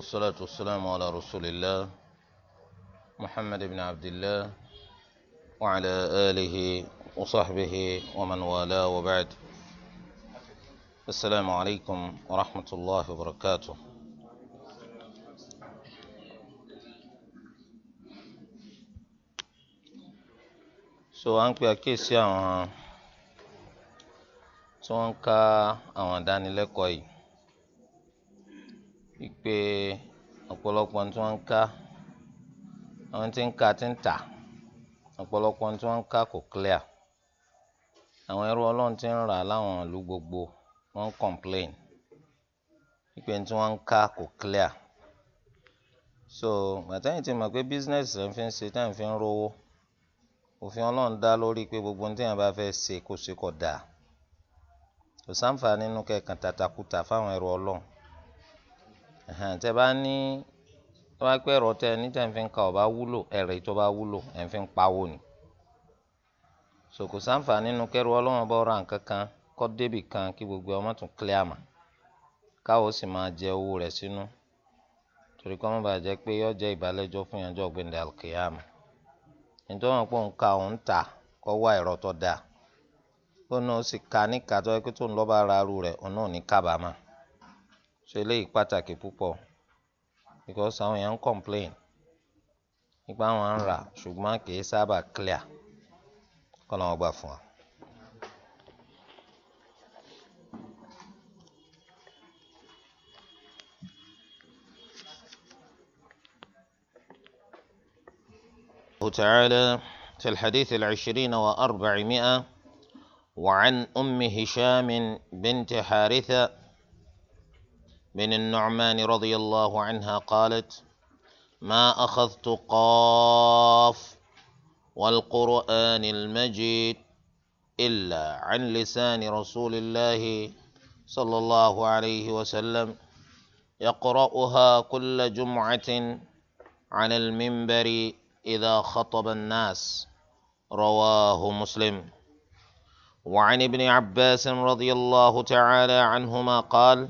والصلاة والسلام على رسول الله محمد بن عبد الله وعلى آله وصحبه ومن والاه وبعد السلام عليكم ورحمة الله وبركاته so أنك ń pe àkíyèsí àwọn tí wọ́n ń ka àwọn ìdánilẹ́kọ̀ọ́ yìí wípé ọ̀pọ̀lọpọ̀ tí wọ́n ń ká àwọn tí ń ka ti ń tà ọ̀pọ̀lọpọ̀ tí wọ́n ń ká kò clear àwọn ẹrú ọlọ́run ti ń rà láwọn ìlú gbogbo wọ́n ń complain wípé tí wọ́n ń ká kò clear so gbàtẹ́yìn ti mọ̀ pé business rẹ̀ ń fi ń ṣe tá à ń fi ń rówó òfin ọlọ́run dá lórí pé gbogbo ohun tí èèyàn bá fẹ́ ṣe kó ṣe kó dáa kò sáǹfà nínú kẹ̀kàn tàtàkùtà fáwọn ẹrú ọlọ́run tẹ bá ní tó bá pẹ́ rọ tẹ ní tẹ̀ ń fi ka ọba wúlò ẹ̀rẹ̀ tó bá wúlò ẹ̀ ń fi pawó ni sòkò sáǹfà nínú kẹrù ọlọ́wọ́n bọ́ ra nǹkan kan kọ́ débì kan kí gbogbo ọmọ tún kílẹ̀ àmà káwọ́ sì máa jẹ owó rẹ̀ sínú torí kọ́ mọ́ bàa jẹ́ pé yọ jẹ́ ìbálẹ́jọ́ fún yanjọ́ gbẹ̀ndẹ̀ alkiyama nítorí wọn pò ń ka òun ta kọ́ wá ẹ̀rọ tó dáa ó náà sì ka níka tó tó ń lọ́ ara rú rẹ̀ òun náà ní kábàámà. ṣe lè pàtàkì púpọ̀ because àwọn èèyàn ń complain nípa àwọn ń rà ṣùgbọ́n kìí sábà clear kọ́ làwọn gbà fún wa. تعالى في الحديث العشرين وأربعمائة وعن أم هشام بنت حارثة بن النعمان رضي الله عنها قالت ما أخذت قاف والقرآن المجيد إلا عن لسان رسول الله صلى الله عليه وسلم يقرأها كل جمعة على المنبر إذا خطب الناس رواه مسلم وعن ابن عباس رضي الله تعالى عنهما قال: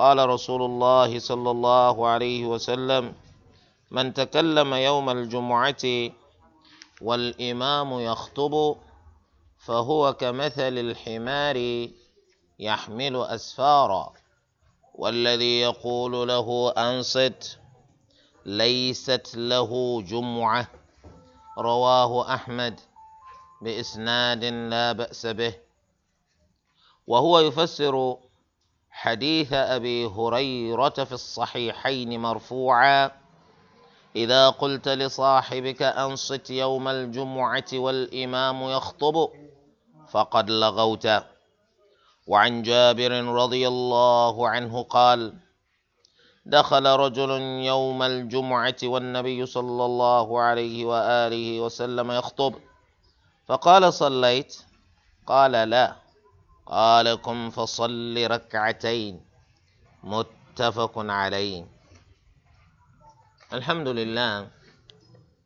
قال رسول الله صلى الله عليه وسلم من تكلم يوم الجمعة والإمام يخطب فهو كمثل الحمار يحمل أسفارا والذي يقول له أنصت ليست له جمعة رواه أحمد بإسناد لا بأس به وهو يفسر حديث ابي هريره في الصحيحين مرفوعا اذا قلت لصاحبك انصت يوم الجمعه والامام يخطب فقد لغوت وعن جابر رضي الله عنه قال دخل رجل يوم الجمعه والنبي صلى الله عليه واله وسلم يخطب فقال صليت قال لا قال قم فصل ركعتين متفق عليه الحمد لله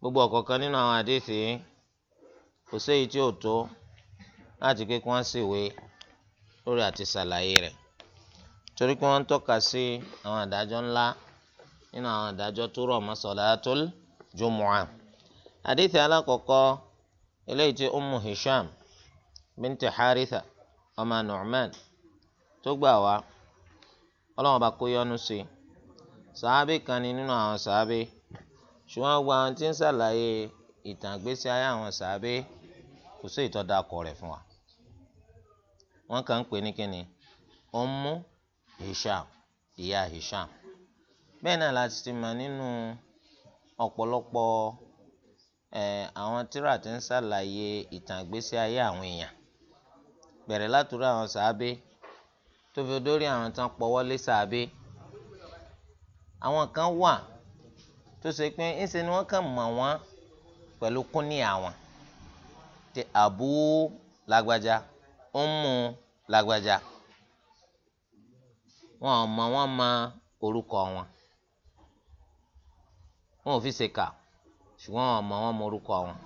gbogbo ọ̀kọ̀ọ̀kan nínú àwọn àdéhìí kò séyìí tí ò tó láti pé kí wọ́n sì wé lórí àti ṣàlàyé rẹ̀ torí pé wọ́n ń tọ́ka sí àwọn àdájọ́ ńlá nínú àwọn àdájọ́ tó rọ̀ mọ́ salatul jumu'a àdéhìí alákọ̀ọ́kọ́ eléyìí tí Ummu Hisham binti Haritha ọmọ Nu'man tó gbà wá ọlọ́run bá kó yọ́nú sí i sàábì kan ni nínú àwọn sàábì ṣùgbọ́n gbogbo àwọn tí ń ṣàlàyé ìtàn ayé àwọn sàábì kò sí ìtọ́da rẹ̀ fún wa wọ́n kàn ń pè ní kíni Ummu Hisham ìyá Hisham bẹ́ẹ̀ náà láti ti mọ̀ nínú ọ̀pọ̀lọpọ̀ ẹ̀ àwọn tírà tí ń ṣàlàyé ìtàn ayé àwọn èèyàn bẹ̀rẹ̀ látòrí àwọn sàábé tó fi dórí àwọn tán pọ̀wọ́ lé sàábé àwọn kan wà tó ṣe pé ńṣe ni wọ́n kàn mọ̀ wọ́n pẹ̀lú kúnní àwọn ti àbú lágbájá ọmú lágbájá wọn ò mọ̀ wọ́n mọ orúkọ wọn wọn ò fi ṣèkà ṣùgbọ́n wọn ò mọ̀ wọ́n mọ orúkọ wọn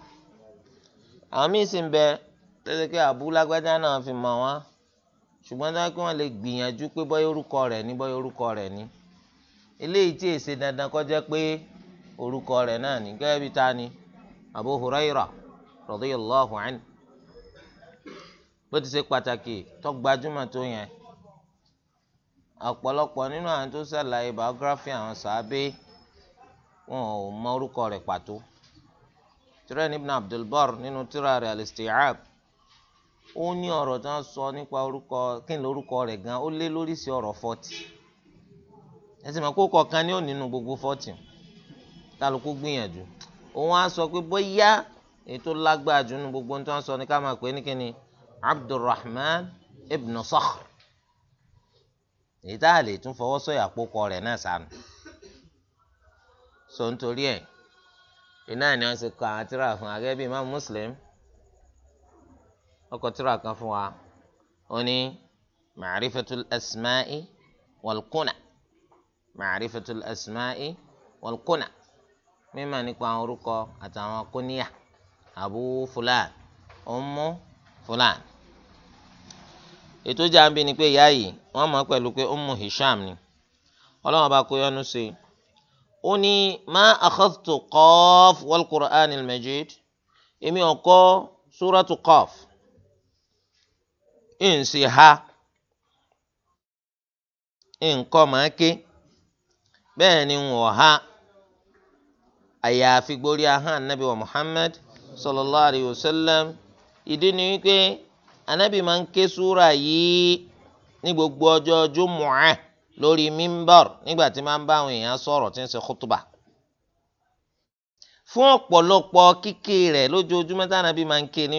àwọn míín sì ń bẹ tẹ́lẹ̀ pé àbúlágbádá náà fi mọ̀ wọ́n ṣùgbọ́n dáa pé wọ́n lè gbìyànjú pé bọ́yá orúkọ rẹ̀ ní bọ́yá orúkọ rẹ̀ ní eléyìí tí èsè dandan kó jẹ́ pé orúkọ rẹ̀ náà ní gẹ́gẹ́ bí ta ni Abu Huraira radiyallahu anhu bó ti ṣe pàtàkì tó gbajúmọ̀ tó yẹn ọ̀pọ̀lọpọ̀ nínú àwọn tó ṣàlàyé biography àwọn sàábé wọn ò mọ orúkọ rẹ̀ pàtó tirẹ̀ ibn Abdul nínú tírà rẹ̀ al-Isti'ab ó ní ọ̀rọ̀ tí wọ́n sọ nípa orúkọ kí ni orúkọ rẹ̀ gan ó lé lórí sí ọ̀rọ̀ fọ́tì ẹsẹ̀ mọ̀ kó kọ̀ọ̀kan ní òní nu gbogbo fọ́tì kálukú gbìyànjú òun á sọ pé bóyá ètò lágbára jù nu gbogbo tí wọ́n sọ ní ká máa pè é ní kíni Abdulrahman ibn Sakhr èyí tá a lè tún fọwọ́ sọ̀yà àpòkọ rẹ̀ náà sànù so nítorí ẹ̀ iná ni wọ́n ti kọ àwọn tíra fún agẹ́bí Imam Muslim ọkọ tírà kan fún wa ó ní ma'rifatul asma'i wal kuna ma'rifatul asma'i wal kuna mímọ̀ nípa àwọn orúkọ àtàwọn kúníyà abu fulan ummu fulan ètò jàǹbí ni pé ìyá yìí wọ́n mọ̀ pẹ̀lú pé ummu hisham ni ọlọ́run bá kó yọnu sí i ó ní ma akhadtu qaf wal qur'anil èmi ò kọ́ suratu si ha nkọ máa ké bẹ́ẹ̀ ni wọ́n ha àyàfi gborí ahọ́n anabi wa muhammad sallallahu alayhi wa sallam ìdí ni wípé anabi máa ń ké súra yìí ní gbogbo ọjọ́ jumu'ah lórí mímbọ̀r nígbà tí máa ń bá àwọn èèyàn sọ̀rọ̀ tí ń ṣe fún ọ̀pọ̀lọpọ̀ kíké rẹ̀ lójoojúmọ́ tí anabi máa ń ké ní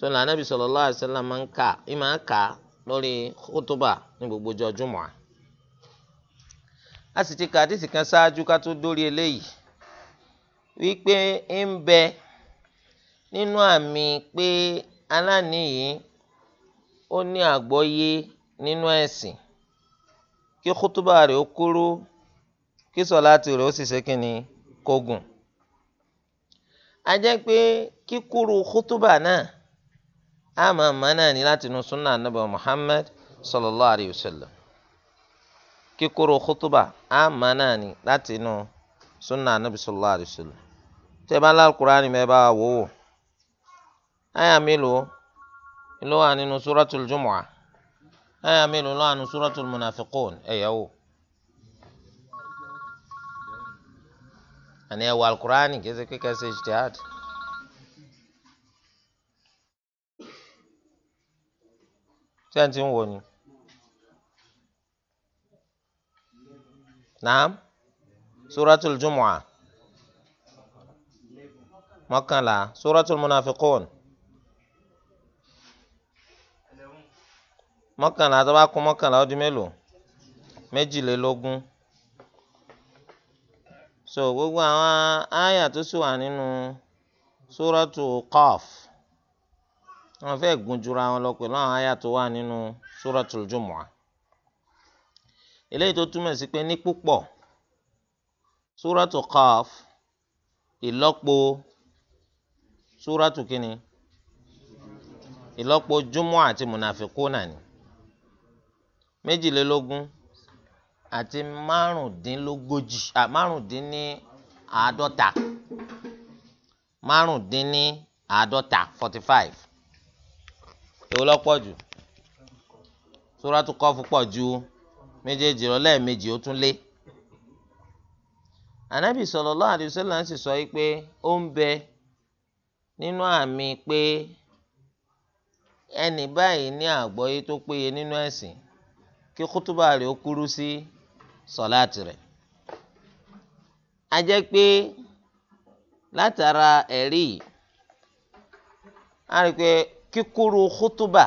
sọlá anabi sallallahu alaihi wasallam máa ń kà ìmọ̀ àkà lórí khutuba ní gbogbo ọjọ́ jùmọ̀ a sì ti kà àdìsí kan ṣáájú ká tó dórí eléyìí wípé ń bẹ nínú àmì pé aláàní yìí ó ní àgbọ́yé nínú ẹ̀sìn kí kútúbà rẹ̀ ó kúrú kí sọ̀láàtì rẹ̀ ó sì ṣe kínní kógùn. a jẹ́ pé kíkúrú kútúbà náà àmọ́ àmọ́ náà ni láti nu sunna anabi muhammed sallallahu alayhi wa sallam kíkúrò kútúbà àmọ́ náà ni láti nu sunna anabi sallallahu alayhi wa sallam tẹ́ bá lálùkùránì mẹ́ bá wò wò àyà mélòó ló wà nínú suratul jumu'ah àyà mélòó ló wà nínú suratul munafiqun ẹ̀yẹ́wò àní ẹ̀wọ̀ alukùránì kí ẹ ṣe kíkẹ́ sẹ́yìn tí ń wò ni. naam suratul jumu'a mọ́kànlá suratul munafiqun mọ́kànlá tó bá kún mọ́kànlá ó di mélòó méjìlélógún so gbogbo àwọn àyà tó sì wà nínú suratu Qaf wọn fẹ́ gunjura wọn lọ pẹ̀lú àwọn àyà tó wà nínú suratul jumu'a eléyìí tó túmọ̀ sí pé ní púpọ̀ suratu qaf ìlọ́po suratu kínní ìlọ́po jumu'a àti munafikuna ni méjìlélógún àti márùndínlógójì à márùndínníàádọ́ta márùndínníàádọ́ta forty five. èwo lọ́pọ̀ jù Suratu Qaf pọ̀ ju méjèèjì lọ lẹ́ẹ̀mejì ó tún lé anabi sallallahu alaihi wasallam sì sọ pé ó ń bẹ nínú àmì pé ẹnì báyìí ní àgbọ́yé tó péye nínú ẹ̀sìn kí kútúbà rẹ̀ ó kúrú sí sọ̀láàtì rẹ̀ a jẹ́ pé látara ẹ̀rí yìí a rí pé kíkúrú kútúbà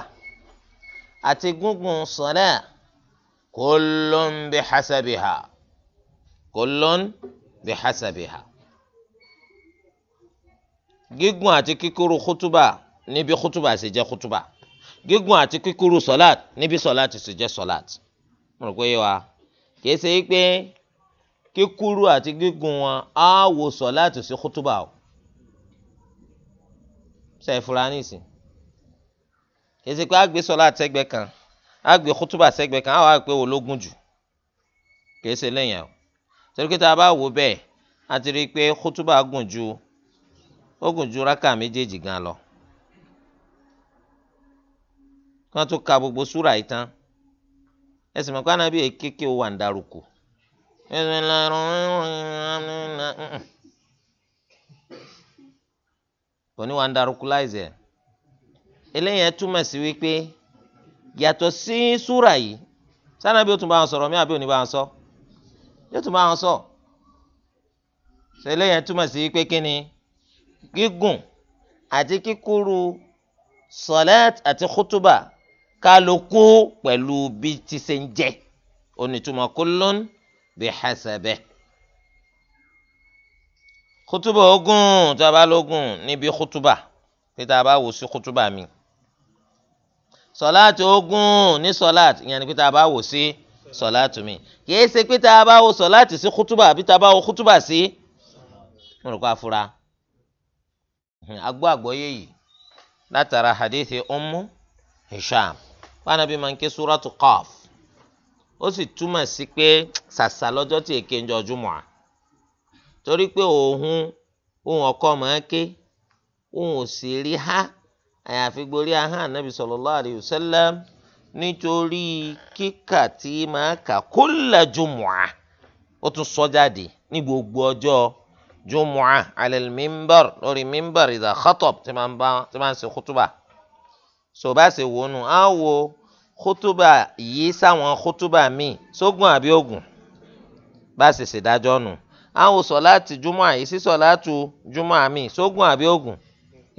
àti gúngùn sọlẹ kullun bihasabiha kullun bihasabiha gígùn àti kíkúrú kútúbà níbi kútúbà sì jẹ kútúbà gígùn àti kíkúrú sọlát níbi sọlát sì jẹ sọlát mo rò pé yé wa kìí ṣe yí pé kíkúrú àti gígùn wọn á wo sọlát sí kútúbà o ṣe é fura èsì pé àgbé sọlá àtẹgbẹ kan àgbé kútúbà àtẹgbẹ kan àwọn àgbé ológun jù kìí ṣe lẹ́yìn o torí pé tá a bá wò bẹ́ẹ̀ a ti rí i pé kútúbà gùn ju ó gùn ju rákà méjèèjì gan lọ kan tó ka gbogbo súrà yìí tán ẹsìn mọ̀ pé anábì kéke wà ń darúkọ kò wà ń darúkọ láìsẹ̀ eléyẹn túmọ̀ sí wípé yàtọ̀ sí súrà yìí sanabi ó tún bá wọn sọ̀rọ̀ mi àbí òní bá wọn sọ yóò tún bá wọn sọ ṣe eléyẹn túmọ̀ sí wípé kíni gígùn àti kíkúrú sọlẹ́t àti kútúbà kálukú pẹ̀lú bí ti ṣe ń jẹ́ onítùmọ̀ kullun bí hasabẹ́ kútúbà ogun tí a bá lógun níbi kútúbà tí a bá wò sí kútúbà mi sọláàtì ogún ní sọláàtì ìyẹn ni pé tá a bá wò sí sọláàtì mi kìí ṣe pé tá a bá wo sọláàtì sí kútúbà àbí tá a bá wo kútúbà sí mo rò pé a agbó àgbọ́yé yìí látara hadithi ummu hisham wọn àbí máa ń ké súrọ́tù qaf ó sì túmọ̀ sí pé sàṣà lọ́jọ́ tí èké ń jọjú mọ́ a torí pé òun òun ọkọ mọ̀ ké òun ò sì rí ha àyàfi gborí ahọ́n anabi sallallahu alayhi wa sallam nítorí kíkà tí máa kà kulla jumu'a ó tún sọ jáde ní gbogbo ọjọ́ jumu'a ala al-mimbar lórí mimbar idha khatab tí máa ń ṣe kútùbà so bá ṣe wò nù á wo kútúbà yìí sáwọn kútúbà míì sógun àbí ogun bá ṣe ṣèdájọ́ nù á wo sọ̀láàtì júmọ̀ àyè sí sọ̀láàtù júmọ̀ àmì sógun àbí ogun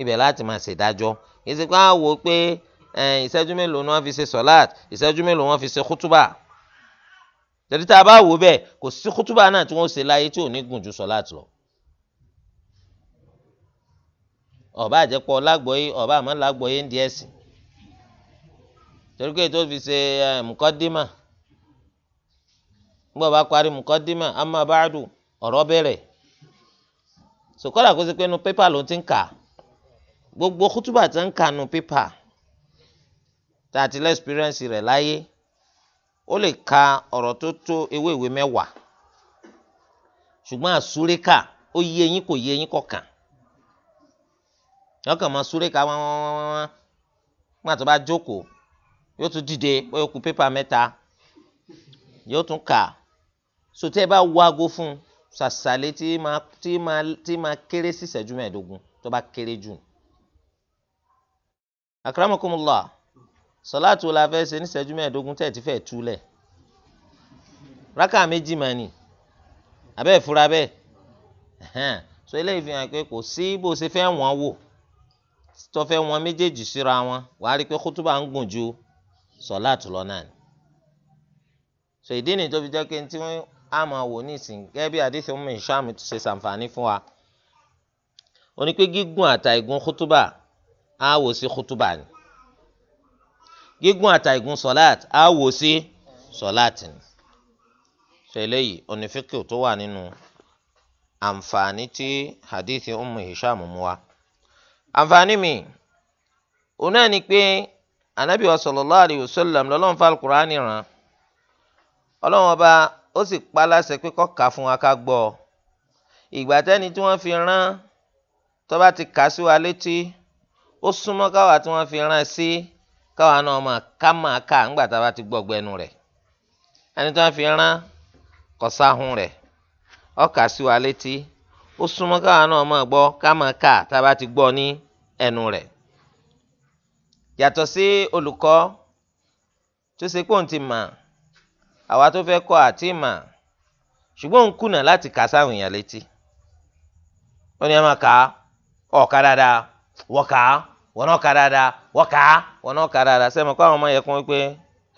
ibẹ̀ láti máa ṣèdájọ́ èsì pé á wò ó pé ìṣẹ́jú mélòó ni wọ́n fi ṣe sọ́láàt ìṣẹ́jú mélòó wọ́n fi ṣe kútúbà tẹ̀lé tá a bá wò bẹ́ẹ̀ kò sí kútúbà náà tí wọ́n ṣe láyé tí ò ní gùn ju sọ́láàt lọ. ọ̀bá àjẹpọ̀ lágbọ̀ọ́yé ọ̀bá àmọ́ lágbọ̀ọ́yé ń di ẹ̀sìn torí pé tó fi ṣe mùkọ́dímà nígbà bá parí mùkọ́dímà amma ba'du ọ̀rọ̀ bẹ̀rẹ̀ sòkòlà kó ṣe pé inú pépà ló ti ń kà á gbogbo kútúbà tó ń kànú pépà tá a experience rẹ̀ láyé ó lè ka ọ̀rọ̀ tó tó ewé ìwé mẹ́wàá ṣùgbọ́n àsúrékà ó yé eyín kò yé eyín kọ̀kan yọ kàn máa súrékà wọ́n wọ́n wọ́n wọ́n nígbà tó bá jókòó yóò tún dìde bóyá ó kù pépà mẹ́ta yóò tún kà sòtẹ́ bá wago fún un ṣàṣàlẹ̀ tí máa kéré sí ìṣẹ́jú mẹ́ẹ̀ẹ́dógún tó bá kéré jù ní akramakumullah sọláàtù la fẹ́ ṣe níṣẹ́jú mẹ́ẹ̀ẹ́dógún tẹ̀tí fẹ́ẹ́ túlẹ̀ rákà méjì mà ní abẹ́ ìfura bẹ́ẹ̀ so eléyìí fi hàn pé kò sí bó ṣe fẹ́ wọ́n wò tó fẹ́ wọ́n méjèèjì síra wọn wàá rí i pé kútúbà ń gùn ju sọláàtù lọ náà ni so ìdí nìyí tó fi jẹ́ pé tí wọ́n á máa wò ní ìsìn gẹ́gẹ́ bí àdìsí Ummu Hisham ti ṣe ṣàǹfààní fún wa ó ní pé gígùn àtàìgùn kútúbà A wò sí kútúbà ni gígùn àtàìgùn sọláàtì á wò sí sọláàtì ni fẹlẹ́ yìí onífíkì tó wà nínú àǹfààní tí hadithi umu hisham mú wá àǹfààní mi òun náà ni pé anabi wa sallallahu alayhi wa sallam lọ́lọ́run fa alukur'ani ràn ọlọ́run ọba ó sì pa láṣẹ pé kó kà fún wa ká gbọ́ ìgbà tẹ́ni tí wọ́n fi rán tó ti kà sí wa létí ó súnmọ́ káwa tí wọ́n fi rán sí káwa náà máa ká máa kà ńgbà tá a bá ti gbọ́gbọ́ ẹnu rẹ̀ ẹni tí wọ́n fi rán kọ̀sáhùn rẹ̀ ọkà sí wa létí ó súnmọ́ káwa náà máa gbọ́ ká máa kà tá a bá ti gbọ́ ní ẹnu rẹ̀ yàtọ̀ sí olùkọ́ tó ṣe pé òun ti mà àwa tó fẹ́ kọ́ àti mà ṣùgbọ́n òun kùnà láti kà sáwọn èèyàn létí ó ní ẹ máa kà á ọ̀ka dáadáa wọ́n kà á wọn náà kà dáadáa wọ́n kà á wọn náà kà dáadáa sẹ́mi kó àwọn ọmọ yẹn kún wípé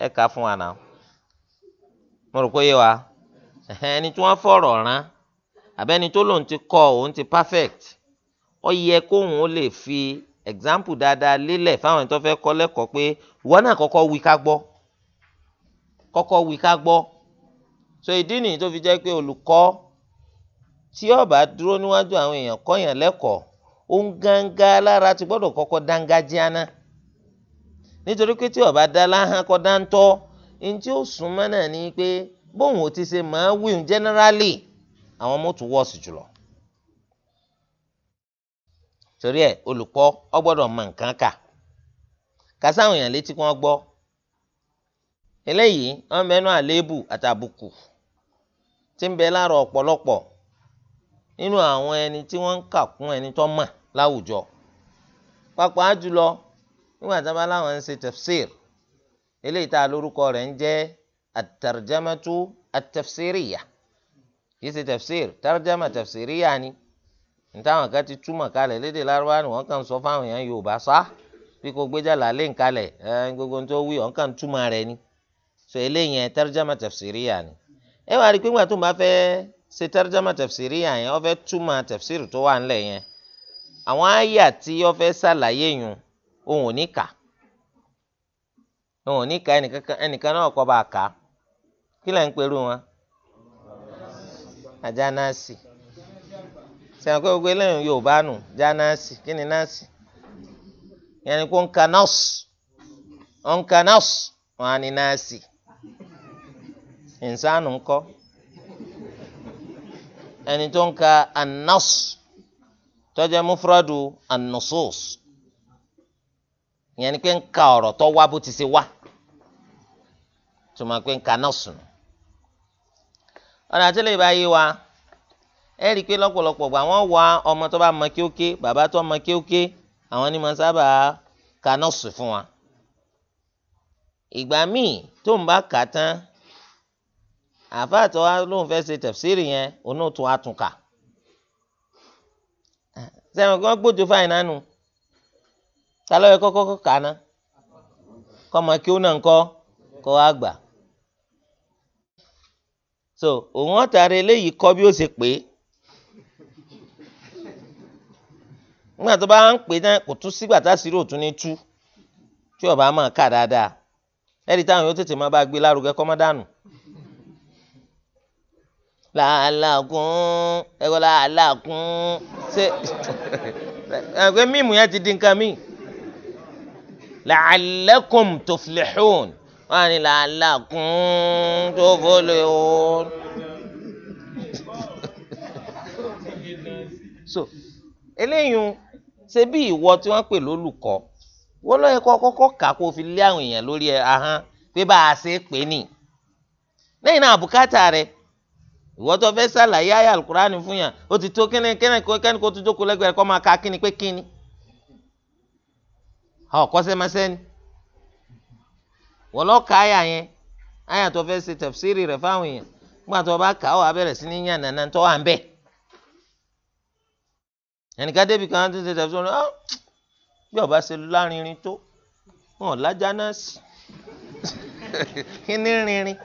ẹ kà fún wa náà mo rò pé yé wa ẹni tí wọ́n fọ̀rọ̀ rán àbẹ́ni tó lòun ti kọ́ òun ti perfect ó yẹ kóun ó lè fi example dáadáa lélẹ̀ fáwọn ẹni tó fẹ́ kọ́ lẹ́kọ̀ọ́ pé wọ́n náà kọ́kọ́ wí ká gbọ́ kọ́kọ́ wí ká gbọ́ so ìdí nìyí tó fi jẹ́ pé olùkọ́ tí ó bá dúró níwájú àwọn èèyàn kọ́yàn lẹ́kọ̀ọ́ òun gangan lára ti gbọ́dọ̀ kọ́kọ́ dángájíá náà nítorí pé tí ọba dala láhán kọ́ dáńtọ́ ní tí ó súnmọ́ náà ni pé bóun ò ti ṣe máa wíwùn generally àwọn mọ́tò wọ́ọ̀sì jùlọ. torí ẹ olùkọ́ ọ gbọ́dọ̀ mọ nǹkan kà kásáwọn èèyàn létí kí wọ́n gbọ́ eléyìí wọ́n mẹ́nu àléébù àtàbùkù tí ń bẹ láàrọ̀ ọ̀pọ̀lọpọ̀ nínú àwọn ẹni tí wọ́n ń kà kún ẹni tó mọ̀ láwùjọ pàápàá jùlọ nígbà tí a bá láwọn ń ṣe tafsir eléyìí tá a lórúkọ rẹ̀ ń jẹ́ at-tarjamatu kì í ṣe tafsir tarjama tafsiriyya ni nítawọn kan ti túmọ̀ kalẹ̀ lédè lárúbá ni wọ́n kàn sọ fáwọn èèyàn Yorùbá sá bí kò gbéjà làálẹ̀ nkalẹ̀ ẹ eh, gbogbo tó wí ọ̀n kàn túmọ̀ rẹ̀ ni so eléyìí ẹ tarjama tafsiriyya ni ẹ wá rí i pé ńgbà tó ń bá fẹ́ ṣe tarjama yẹn àwọn àyà tí yọ fẹ ṣàlàyé yun òun ò ní kà òun ò ní kà ẹnìkan náà kọ́ bá a kà kí lẹ́ ń perú wọn àjà nọ́ọ̀sì sẹ́wọ̀n pé gbogbo Yorùbá nù já nọ́ọ̀sì kí ni nọ́ọ̀sì yẹn kó ń ka nọ́ọ̀sì ó ń ka nọ́ọ̀sì wọn á ní tó jẹ́ mufradu an-nusus ìyẹn ni pé ń ka ọ̀rọ̀ tó wá bó ti ṣe wá tó máa pé ń ka náà sùn ọ̀nà àtẹ́lẹ̀ ìbáyé wa ẹ rí i pé lọ́pọ̀lọpọ̀ gbà wọ́n wá ọmọ tó bá mọ kéóké bàbá tó mọ kéóké àwọn ni máa sábà ka náà sùn fún wa ìgbà míì tó ń bá kà tán àfáàtọ̀ wa lóun fẹ́ ṣe tafsiri yẹn onótùú àtúnkà. sẹ́wọ̀n kí wọ́n gbójú fáìn nánu ta ló yẹ kọ́kọ́ kàná kọ́ ma kí ó wá gbà. so òun ọ̀tàrí eléyìí kọ bí ó ṣe pé nígbà tó bá ń pè náà kò tún sígbà tún ní tú tí ọba máa kà dáadáa ẹ̀rí táwọn yóò tètè máa bá gbé lárugẹ làálàkún ẹ̀rọ làálàkún ṣe ẹ̀rọ mímu yẹn ti di nǹkan mi làálẹ́kùn tuflihun wọ́n á ní làálàkún tuflihun. so eléyìí ṣe bí ìwọ tí wọ́n pè lólùkọ́ wọ́n lọ́ọ́ ẹ̀kọ́ kọ́kọ́ kà kó fi lé àwọn èèyàn lórí ahọ́n pé bá a ṣe é pè ní lẹ́yìn náà àbùkátà rẹ̀ ìwọ tó fẹ́ ṣàlàyé àyà alukurani fún yàn ó ti tó kíni kíni kíni kó tó jókòó lẹ́gbẹ̀ẹ́ kó máa ka kíni pé kíni ọ̀ kọ́sẹ́mẹsẹ́ ni wọ́n lọ ka àyà yẹn àyà tó fẹ́ ṣe tafsiri rẹ̀ fáwọn èèyàn nígbà tó bá kà ó abẹ́rẹ́ sí ní yàn nànà tó wà ń bẹ̀ ẹnìkan débi kan tó ṣe tafsiri rẹ̀ bí ọba ṣe lárinrin tó wọn ò lájà náà sí kíní rinrin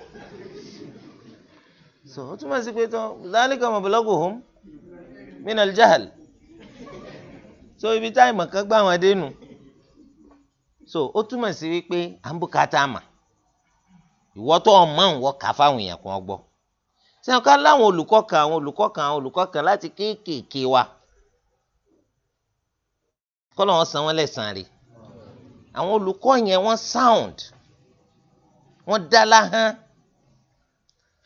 so ó túmọ̀ sí pé tó dhalika mablaguhum min al-jahl so ibi táyì mọ̀kán gbà wọn dé nù so ó túmọ̀ sí wípé à ń bùkátà mà ìwọ tó ọmọ ìwọ kà fáwọn èèyàn kan gbọ́ sẹ́wọ́n ká láwọn olùkọ́ kan àwọn olùkọ́ kan àwọn olùkọ́ kan láti kéékèèké wa kọ́lọ̀ wọn san wọn lẹ́sàn-án rè àwọn olùkọ́ yẹn wọ́n sound wọ́n dá láhán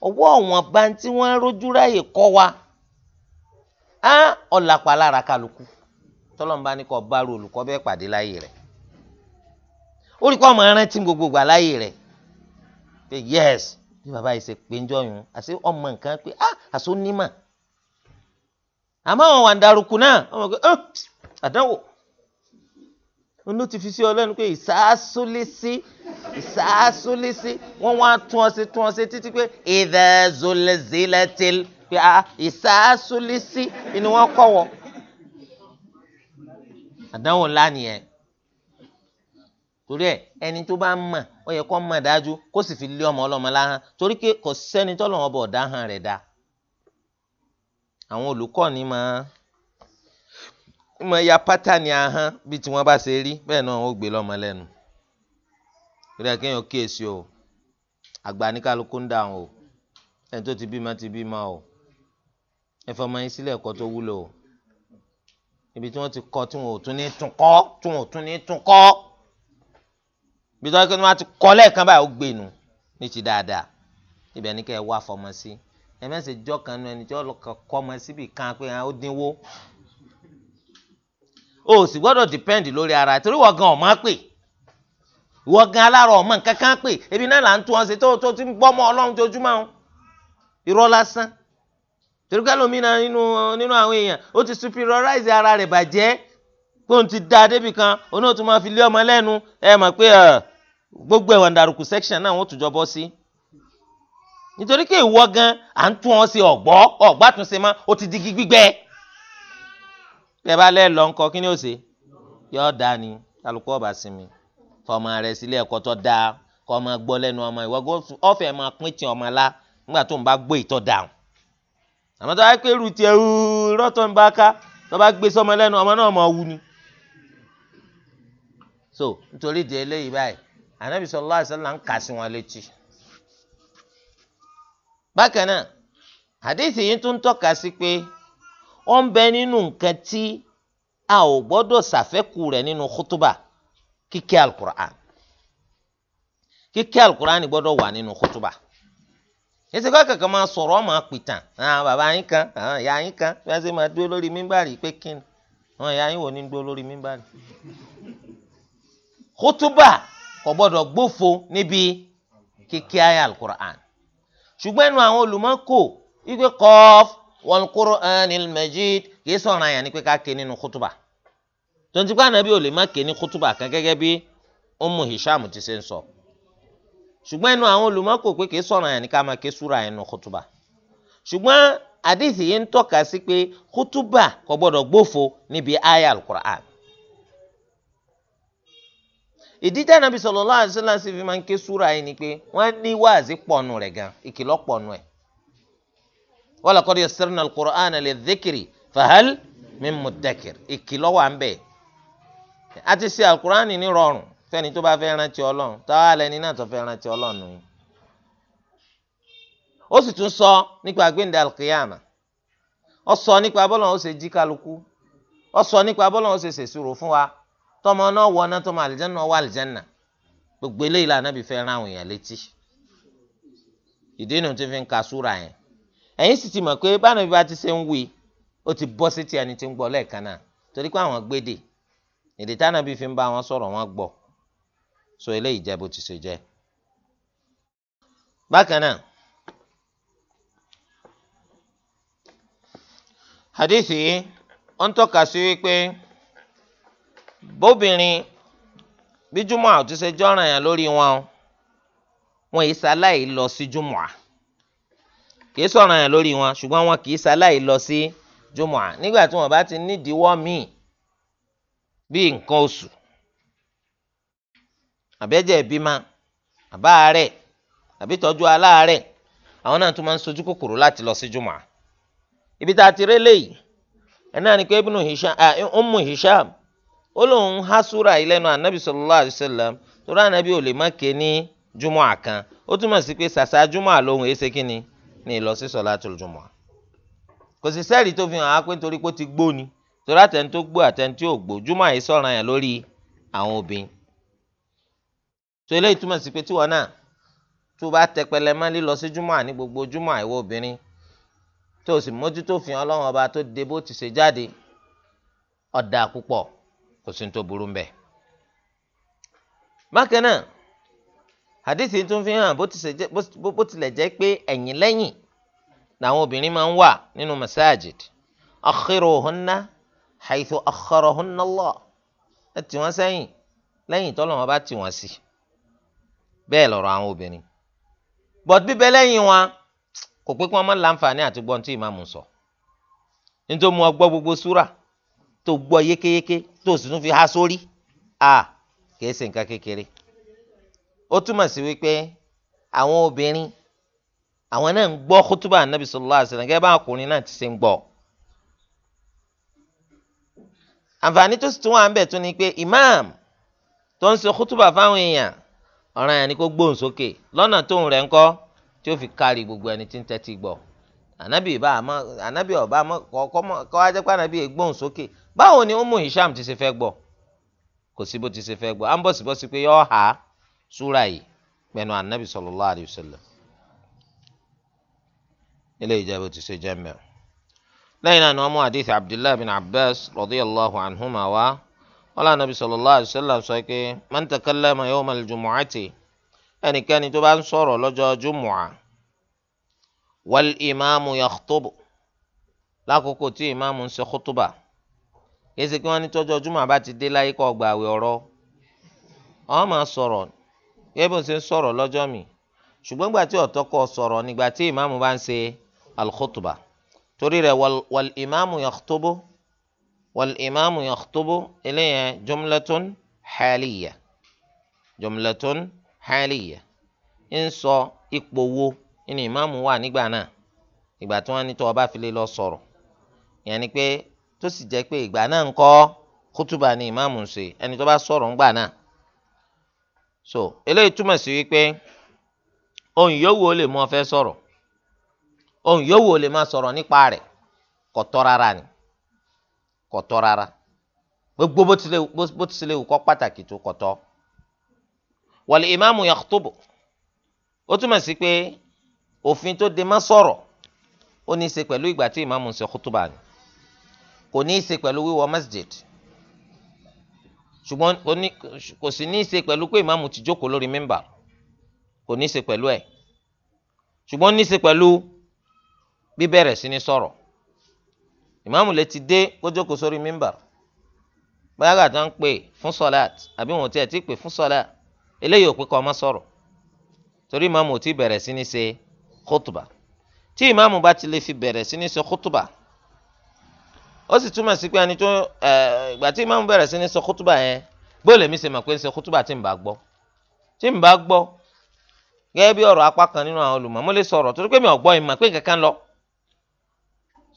ọwọ́ ọ̀wọ́n bá tí wọ́n ń rojú ráyè kọ́ wa á ọ̀làpá lára kálukú tọ́lọ́mùbá ní kò bá ro olùkọ́ bẹ́ẹ̀ pàdé láyé rẹ̀ ó rí kó ọmọ rántí gbogbo gbà rẹ̀ pé yes bí bàbá yìí ṣe pé ń jọyún àti ọmọ nǹkan pé á àsọ nímà àmọ́ àwọn wàǹdarùkù náà ọmọ pé àdánwò ló ti fi sí ọ lẹ́nu pé ìsásúlísí ìsásúlísí wọ́n wá tún ọ sí tún ọ sí títí pé ìdẹ́zọlẹ́zílẹ́tìl pé ah, ìsásúlísí ni wọ́n kọ́ wọ. àdánwò ńlá nìyẹn torí ẹ ẹni tó bá mọ ọ yẹ kó mọ dájú kó sì fi lé ọmọ ọlọmọ láhàn torí pé kò sẹ́ni tọ́lọ́run ọba ọ̀daràn rẹ̀ dá àwọn olùkọ́ ni máa ìmọ̀ ya pátánì ahọ́n bí tí wọ́n bá ṣe rí bẹ́ẹ̀ náà ó gbé lọ́mọ lẹ́nu rẹ̀ kéèyàn kíyèsí o àgbà ní kálukú ń dàn o ẹni tó ti bímọ ti bímọ o ẹ fọmọ yín sílẹ̀ ẹ̀kọ́ tó wúlò o ibi tí wọ́n ti kọ́ tí wọ́n ò tún ní tún kọ́ tí wọ́n ò tún ní tún kọ́ ibi tí wọ́n ti kọ́ lẹ́ẹ̀kan báyìí ó gbé nu ní ti dáadáa ibẹ̀ ní kẹ́ ẹ wá fọmọ sí ẹ mẹ́sẹ̀ jọ́ nu ẹni tí wọ́n kọ́ ọmọ síbi kan pé ó dínwó o sì gbọdọ depend lórí ara torí wọ́n gan ọ̀mọ́ pè wọ́n gan alára ọ̀mọ́ nǹkan kan pè ebi náà là ń tún ọ ṣe tó tó ti ń bọ́ ọmọ ọlọ́run tójúmọ́ ọ irọ́ lásán torí ká lómìnira nínú nínú àwọn èèyàn ó ti superiorize ara rẹ̀ bàjẹ́ pé òun ti da débì kan òun náà tún máa fi lé ọmọ lẹ́nu ẹ mọ̀ pé gbogbo ẹ̀wọ̀n dàrúkù section náà wọ́n tún jọ bọ́ sí nítorí pé ìwọ gan à ń tún ọ ṣe ọ̀gbọ́ ọ̀gbá tún ó ti di gbígbẹ́ bẹ́ẹ̀ bá lẹ́ẹ̀ lọ ńkọ kí ni ó ṣe yọ ọ́ dání kálukú ọba sinmi fọmọ rẹ sílé ẹ̀kọ́ kọ́ ọmọ gbọ́ lẹ́nu ọmọ ìwọ ọ̀fẹ́ máa pín tí ọmọ la nígbà tó ń bá gbé ìtọ́ àmọ́ tó bá pé tiẹ̀ ń bá ọmọ náà mọ̀ wú ni. so nítorí eléyìí báyìí ń kà sí wọn létí. bákan náà yìí tún tọ́ka sí pé. ó ń bẹ nínú nǹkan tí a ò gbọ́dọ̀ ṣàfẹ́kù rẹ̀ nínú kútúbà kíkẹ́ alukur'an kíkẹ́ alukur'an gbọ́dọ̀ wà nínú kútúbà èsì kọ́kọ́ kan máa sọ̀rọ̀ máa pìtàn àwọn ah, bàbá yín kan àwọn ah, ìyá yín kan bí wọ́n ṣe máa dúró lórí mímbàrí pé kí ni àwọn ìyá yín wò ní dúró lórí mímbàrí. kútúbà kò gbọ́dọ̀ gbófo níbi kíkẹ́ ayé alukur'an ṣùgbọ́n ẹnu àwọn olùmọ́kò wípé kọ́ọ̀fù wal Qur'anil Majid kìí sọ̀rọ̀ àyàn ni pé ká ké nínú kútùbà tonti pa anabi ò lè má ké ní kútùbà kan gẹ́gẹ́ bí Ummu Hisham ti ṣe ń sọ ṣùgbọ́n ẹnu àwọn olùmọ́kò pé kìí sọ̀rọ̀ àyàn ni ká máa ké súra ẹnu kútùbà ṣùgbọ́n àdìsí yìí ń tọ́ka sí pé kútùbà kò gbọ́dọ̀ gbófo níbi aya al-Qur'an ìdíjà nàbì sallallahu alaihi wasallam fi máa ń ké súra yìí ni pé wọ́n ní wáàzí pọ̀nù rẹ̀ gan ìkìlọ̀ wa laqad yassarna al-Qur'ana lidh-dhikri fahal min muddakir ìkìlọ̀ wà ń bẹ̀ a ti ṣe alukurani ní rọrùn fẹ́ni tó bá fẹ́ rántí Ọlọ́run táwa lẹni náà tó fẹ́ rántí Ọlọ́run nù yín ó sì tún sọ nípa gbẹ̀ndẹ̀ alukiyama ó sọ nípa bọ́lá ó ṣe jí kálukú ó sọ nípa bọ́lá ó ṣe ṣèṣirò fún wa tọmọ náà wọ náà tọmọ àlìjáná wọ àlìjáná gbogbo eléyìí lànà bí fẹ́ ràn àwọn létí ìdí nu ti fi ń ka súra yẹn ẹ̀yin sì ti mọ̀ pé báwọn ibi bá ti ṣe ń wí ó ti bọ́ sí ti ẹni tí ń gbọ́ lẹ́ẹ̀kan náà torí pé àwọn gbédè èdè táwọn ibi fi ń bá wọn sọ̀rọ̀ wọn gbọ́ so eléyìí jẹ́ bó ti ṣe jẹ́ bákan náà hadithi ó ń tọ́ka sí wípé bóbìnrin bí júmọ̀ àtúnṣe jọ́ràn yàn lórí wọn wọn ìsàlàyé lọ sí júmọ̀ à. kìí sọ̀rọ̀ yẹn lórí wọn ṣùgbọ́n wọn kìí ṣaláì lọ sí jùmọ̀à nígbà tí wọn bá ti nídìíwọ́ míì bíi nǹkan oṣù àbẹ́jẹ́ ìbímọ àbá àbí tọ́jú aláàárẹ̀ àwọn náà tún máa ń sojú kòkòrò láti lọ sí jùmọ̀à ibi tá a ti ẹ̀ ni pé Ibnu Hisham Hisham ó lóun há súra anabi sallallahu ní lọ sí solatul jumu'ah kò sì sẹ́ẹ̀rì tó fi hàn á pé torí pé ti gbó ni torí àtẹni tó gbó àtẹni tí ò gbó jùmọ̀ àyè sọ̀ràn yẹn lórí àwọn obìnrin tó eléyìí túmọ̀ sí pé tíwọ́n náà tó bá tẹpẹlẹ mọ́ lílọ sí jùmọ̀ ní gbogbo jùmọ̀ àìwọ́ obìnrin tó sì mójútó fi hàn ọlọ́run ọba tó de bó ti ṣe jáde ọ̀dà púpọ̀ kò sí ní tó burú ń bẹ̀. bákan náà hadith yìí tún fi hàn bó tilẹ̀ jẹ́ pé ẹ̀yìn lẹ́yìn làwọn obìnrin máa ń wà nínú masajid akhiruhunna haythu akharahunna Allah ẹ tì wọ́n sẹ́yìn lẹ́yìn tọ́lọ́run bá tì wọ́n sí bẹ́ẹ̀ lọ́rọ̀ àwọn obìnrin bọ́t bíbẹ́ lẹ́yìn wọn kò pé kí wọ́n má láǹfààní àti gbọ́n tí ìmáàmù sọ nítorí mo gbọ́ gbogbo súrà tó gbọ́ yékéyéké tó sì tún fi há sórí a kìí ṣe nǹkan kékeré ó túmọ̀ sí wípé àwọn obìnrin àwọn náà ń gbọ́ kútúbà anabi sallallahu alaihi wasallam gẹ́gẹ́ bá ọkùnrin náà ti ṣe ń gbọ́ àǹfààní tó sì tún wà ń bẹ̀ tún ni pé imam tó ń ṣe kútúbà fáwọn èèyàn ọ̀ràn yẹn ni kó gbóhùn sókè lọ́nà tóun rẹ̀ ń kọ́ tí ó fi kárí gbogbo ẹni tí ń tẹ́tí gbọ́ ànábì ìbá àmọ́ kọ́ wá jẹ́ pé ànábì ègbóhùn sókè báwo ni Ummu Hisham ti ṣe fẹ́ gbọ́ kò sí ti ṣe fẹ́ gbọ́ à ń bọ̀ síbọ̀ sí pé yọ ọ́ hà súra yìí pẹ̀lú anabi sallallahu alayhi wa sallam ilé ìjẹ́bù ti ṣe jẹ́ mẹ́rin. lẹ́yìn náà ni wọ́n mú hadith abdullahi bin abbas radiyallahu anhuma wa wọ́n lànà nabi sallallahu alayhi wa sallam sọ pé man takallama yawma al-jumu'ati ẹnikẹ́ni tó bá ń sọ̀rọ̀ lọ́jọ́ jumu'a wal imaamu yakhtubu lákòókò tí imaamu ń ṣe khutuba kí ẹ sì kí wọ́n ní tọ́jọ́ jumu'a bá ti dé láyé kọ́ gbàwé ọ̀rọ̀ ó máa sọ̀rọ̀ gẹ́gẹ́ bí wọ́n ṣe ń sọ̀rọ̀ lọ́jọ́ mi ṣùgbọ́n gbà tí ọ̀tọ́ kọ sọ̀rọ̀ nígbà tí ìmáàmù bá ń ṣe alkhutuba torí rẹ̀ wal ìmáàmù yakhtubu wal ìmáàmù yakhtubu eléyẹn jumlatun haliya jumlatun haliya ń sọ ipò wo ni ìmáàmù wà nígbà náà ìgbà tí wọ́n ní tó bá fi lọ sọ̀rọ̀ ìyẹn ni pé tó sì jẹ́ pé ìgbà náà ń kọ́ khutuba ni ìmáàmù ń ṣe ẹni tó bá sọ̀rọ̀ ńgbà náà so eléyìí túmọ̀ sí wípé ohun yòówù ó lè mú ọ fẹ́ sọ̀rọ̀ ohun yòówù ó lè má sọ̀rọ̀ nípa rẹ̀ kò tọ́ rárá ni kò tọ́ rárá gbogbo bó ti lè wù kọ́ pàtàkì tó kò tọ́ wal imamu yakhtubu ó túmọ̀ sí pé òfin tó de má sọ̀rọ̀ ó ní í ṣe pẹ̀lú ìgbà tí ìmáàmù ń ṣe kútúbà ni kò ní í ṣe pẹ̀lú wíwọ masjid ṣùgbọ́n kò sì ní í ṣe pẹ̀lú pé ìmáàmù ti jókòó lórí mímbà kò ní í ṣe pẹ̀lú ẹ̀ ṣùgbọ́n ní í ṣe pẹ̀lú bíbẹ̀rẹ̀ sí ní sọ̀rọ̀ ìmáàmù lè ti dé kó jókòó sórí mímbà báyà gàdá ń pè fún sọlá àbí wọn ò tiẹ̀ ti pè fún sọlá eléyìí ò pé kọ́ ọmọ sọ̀rọ̀ torí ìmáàmù ò ti bẹ̀rẹ̀ sí ní ṣe kótùbà tí ìmáàmù bá ti lè fi bẹ̀rẹ̀ sí ní ṣe kótùbà ó sì túmọ̀ sí pé ẹni tó ìgbà tí ìmáàmù bẹ̀rẹ̀ sí ní sọ kútúbà yẹn bó lèmi ṣe mọ̀ pé ń ṣe kútúbà tí ń bá gbọ́ tí ń bá gbọ́ gẹ́gẹ́ bí ọ̀rọ̀ apá kan nínú àwọn olùmọ̀ mo lè sọ̀rọ̀ torí pé mi ò gbọ́ ìmọ̀ pé kankan lọ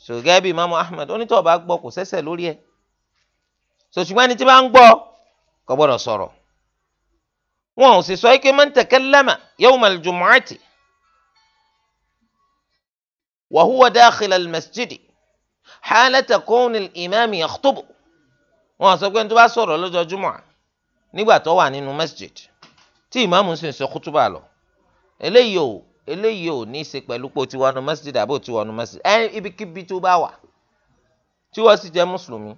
so gẹ́gẹ́ bí ìmáàmù Ahmed onítọ̀ bá gbọ́ kò sẹ́sẹ̀ lórí ẹ̀ so ṣùgbọ́n ẹni tí bá ń gbọ́ kò gbọ́dọ̀ sọ̀rọ̀ wọn ò sì sọ ike man takallama yawmal jumu'ati wa huwa dakhil al-masjidi hálẹ́tẹ̀ كون ìmáàmì يخطب، wọn sọ pé tó bá sọ̀rọ̀ lọ́jọ́ júmọ̀ nígbà tó wà nínú masjid tí ìmáàmù sì ń sọ kútúbà lọ eléyìí ò eléyìí ò ní í ṣe pẹ̀lú pé o ti wọnú masjid àbí o ti wọnú masjid ẹ ibikíbi tó bá wà tí wọ́n sì jẹ́ mùsùlùmí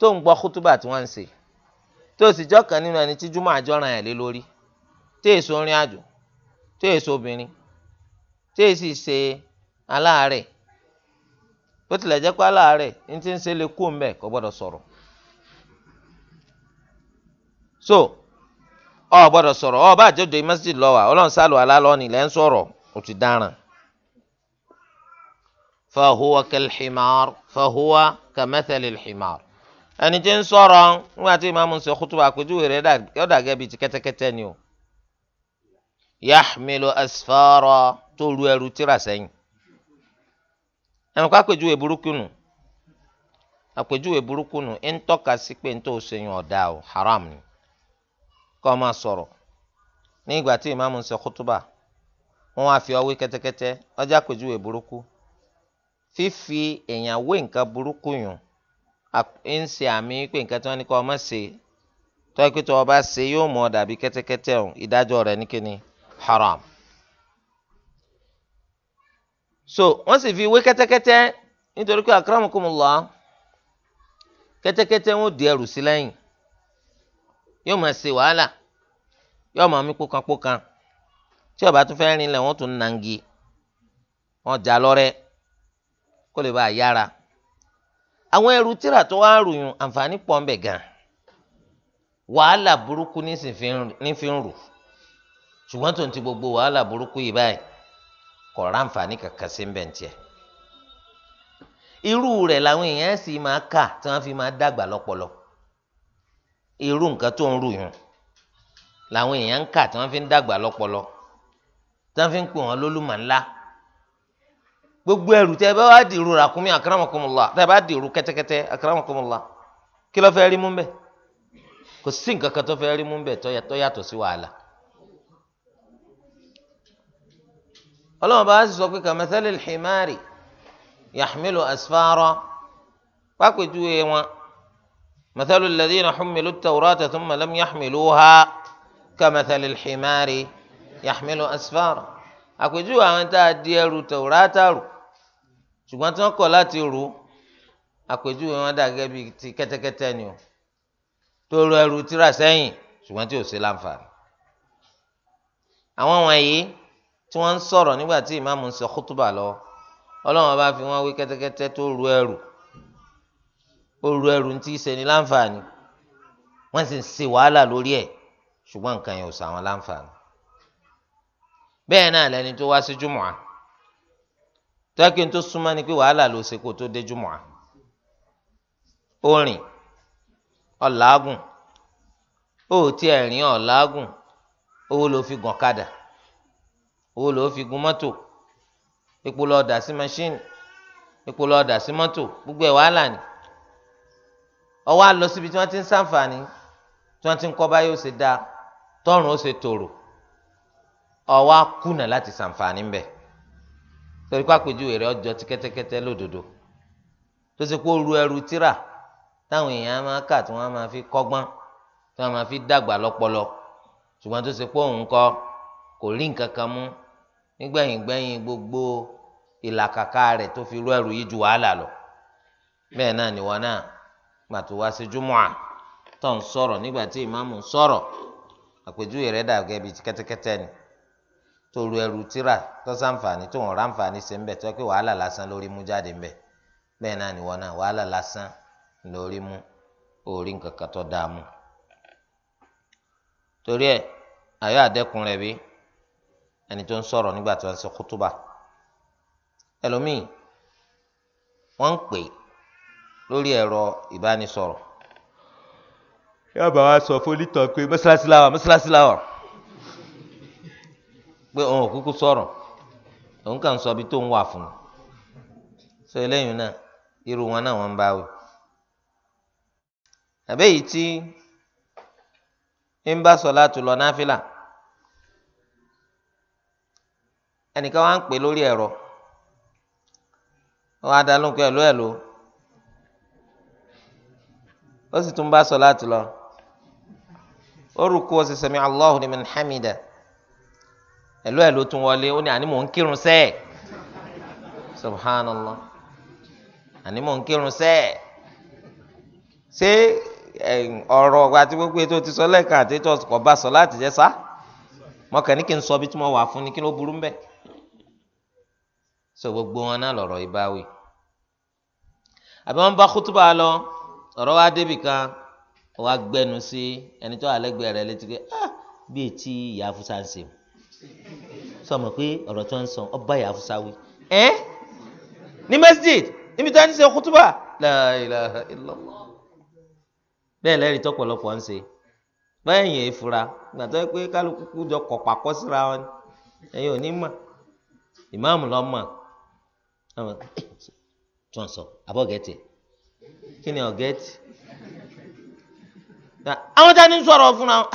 tó ń gbọ́ kútúbà tí wọ́n ń ṣe tó sì jọ́ kan nínú ẹni tí júmọ̀ àjọràn ẹ̀ lé lórí tí èso rìn àjò tí èso obìnrin tí èsì ṣe aláàárẹ̀ bó tilẹ̀ jẹ́ pé aláàárẹ̀ ní ti ń ṣe lè kú mbẹ́ kò gbọ́dọ̀ sọ̀rọ̀ so ọ gbọ́dọ̀ sọ̀rọ̀ ọ bá àjọjọ masjid lọ́wọ́ ọlọ́run sálù alálọ́ọ̀nì lẹ́ ń sọ̀rọ̀ ó ti dáràn fahuwa kalhimar fahuwa kamathalil himar ẹni tí ń sọ̀rọ̀ nígbà tí ìmáàmù ń sọ kútùbà àpèjúwe rẹ̀ yóò dàgẹ́ ti kẹ́tẹ́kẹ́tẹ́ ni o yahmilu asfara tó lu ẹrù tíra sẹ́yìn ẹ̀mọ̀ká àpèjúwe burúkú nù àpèjúwe burúkú nù ń tọ́ka sí pé ntọ tó ṣèyàn o haram ni ka máa ma ní ìgbà tí ìmáàmù ń ṣe kútúbà wọ́n wá fi ọwé kẹ́tẹ́kẹ́tẹ́ ọjà àpèjúwe burúkú fífi èèyàn wé nǹkan burúkú yùn ń ṣe àmì pé nǹkan tí ní ọ ṣe tọ́ ẹ pé tí wọ́n bá ṣe yóò mọ̀ dàbí kẹ́tẹ́kẹ́tẹ́ ìdájọ́ rẹ̀ ní haram. so wọ́n sì fi wé kẹ́tẹ́kẹ́tẹ́ nítorí pé akramakumullah kẹ́tẹ́kẹ́tẹ́ wọn ò di ẹrù sí lẹ́yìn yóò máa ṣe wàhálà yóò máa mí pókanpókan tí ó bá tún fẹ́ rinlẹ̀ wọ́n tún nàǹgì wọ́n já lọ́rẹ́ kó lè bá a yára àwọn ẹrù tíra tó wá rùyùn àǹfààní pọ̀ ń bẹ̀ gan wàhálà burúkú ní fi ń rù ṣùgbọ́n tó ń ti gbogbo wàhálà burúkú yìí báyìí kò ráǹfààní kankan sí ń bẹ̀ ń tiẹ̀ irú rẹ̀ làwọn èèyàn sì máa kà tí wọ́n fi máa dàgbà lọ́pọlọ irú nǹkan tó ń rù yùn làwọn èèyàn ń kà tí wọ́n fi ń dàgbà lọ́pọlọ tí wọ́n fi ń pè wọ́n lólùmọ̀ ńlá gbogbo ẹrù tẹ bá wá dìrú ràkúnmí akramakumullah tẹ bá dìrú kẹ́tẹ́kẹ́tẹ́ akramakumullah kí ló fẹ́ rí mú bẹ́ẹ̀ kò sí nǹkan kan tó fẹ́ rí mú bẹ́ẹ̀ tó yàtọ̀ sí wàhálà ọlọ́run bá sì sọ pé kàmẹ́sẹ́lẹ̀ himari yahmilu asfara pápẹ́júwe wọn mẹ́sẹ́lẹ̀ lẹ́dínà humilu tawrata thumma lam yahmiluha kàmẹ́sẹ́lẹ̀ himari yahmilu asfara àpèjúwe àwọn tá a di ẹrù tawrata rù ṣùgbọ́n tí wọ́n kọ̀ láti rù àpèjúwe wọn dà gẹ́gẹ́ bíi ti kẹ́tẹ́kẹ́tẹ́ ni o tó rọ ẹrù tíra sẹ́yìn ṣùgbọ́n tí ò sí láǹfààní àwọn wọ̀nyí tí wọ́n ń sọ̀rọ̀ nígbà tí ìmáàmù ń sọ kútùbà lọ ọlọ́run bá fi wọ́n wí kẹ́tẹ́kẹ́tẹ́ tó ru ẹrù ó ru ẹrù tí í ṣe ní láǹfààní wọ́n sì ń ṣe wàhálà lórí ẹ̀ ṣùgbọ́n nǹkan yẹn ò ṣàwọn láǹfààní. bẹ́ẹ̀ náà lẹni tó wá sí jùmọ̀á tọ́kì tó súnmọ́ ni pé wàhálà ló ṣe kó tó dé jùmọ̀á ó rìn ó tiẹ̀ rìn ọ̀làágùn owó ló fi gàn kadà owó ló fi gun mọ́tò epo lọ́ọ́ dà sí machine epo lọ́ọ́ dà sí mọ́tò gbogbo ẹ̀ wàhálà ni ọwọ́ àlọ́ síbi tí wọ́n ti ń sàǹfààní tí wọ́n ti ń kọ́ báyìí ó ṣe dáa tọ́run ó ṣe tòrò ọwọ́ kùnà láti sàǹfààní ńbẹ̀ torí pé àpèjúwe ọjọ́ ti kẹ́tẹ́kẹ́tẹ́ lódodo tó ṣe kó ru ẹrù tíra táwọn èèyàn máa kà tí wọ́n máa fi kọ́gbọ́n tí wọ́n máa fi dàgbà lọ́pọlọ ṣùgbọ́n tó ṣe pé òun kọ́ kò rí nǹkan kan mú nígbẹ̀yìn gbẹ̀yìn gbogbo ìlàkàkà rẹ̀ tó fi rú ẹrù yìí ju lọ bẹ́ẹ̀ náà ni wọn náà gbàtò wá sí júmọ́à tó ń sọ̀rọ̀ nígbà tí ìmáàmù sọ̀rọ̀ àpèjúwe rẹ̀ ni tó ẹrù tíra tó sàǹfààní tó ráǹfààní sí tó yẹ pé wàhálà lásán lórí mú jáde bẹ́ẹ̀ náà ni wọn náà ẹni tó ń sọ̀rọ̀ nígbà tí wọ́n ń ṣe kútúbà ẹlòmíì wọ́n ń pè lórí ẹ̀rọ ìbánisọ̀rọ̀ yàbá wa sọ fún onítàn pé mọ́sálásí láwà mọ́sálásí láwà pé òun ò kúkú sọ̀rọ̀ òun kàn sọ ibi tó ń wà fún un sọ eléyìí náà irú wọn náà wọ́n ń báwí àbẹ́yìí tí ń bá sọ láti lọ náfìlà. ẹnìkan wá ń pè lórí ẹ̀rọ wọn á dalóhùn pé ẹ̀lú ẹ̀lú ó sì tún bá sọ láti lọ oruku rúkú ó sì sami Allahu hamida ẹ̀lú ẹ̀lú tún wọlé ó ní àní mò ń kírun e subhanallah àní mò ń kírun sẹ́ẹ̀ ṣé ọ̀rọ̀ àti gbogbo ètò ti sọ lẹ́ẹ̀kan àti ètò ọ̀sùn kọ̀ bá sọ láti jẹ́ sá mọ̀kàn kí n sọ bí tí mo wà fún ni kí ló burú so gbogbo wọn náà lọ̀rọ̀ ìbáwí àbí wọn bá kútùbà lọ ọ̀rọ̀ wa débì kan wa gbẹnu sí ẹni tó àlẹ́gbẹ̀ẹ́ rẹ̀ létí pé ah bí etí ìyá afusa ń sè sọ ma pé ọ̀rọ̀ tó ń sọ ọba ìyá afusa wí ẹ́ ní masjid níbi tá a ti ṣe kútùbà la ilaha illallah ń ṣe báyìí yẹn ìfura gbàtọ́ pé kálukú jọ kọ̀ síra wọn ẹ̀yin ò ní mọ̀ ìmáàmù lọ́mọ̀ tún sọ àbọ̀ gẹ̀ẹ́tì kí ni ọ̀gẹ́tì àwọn tá a ní sọ̀rọ̀ fúnra wọn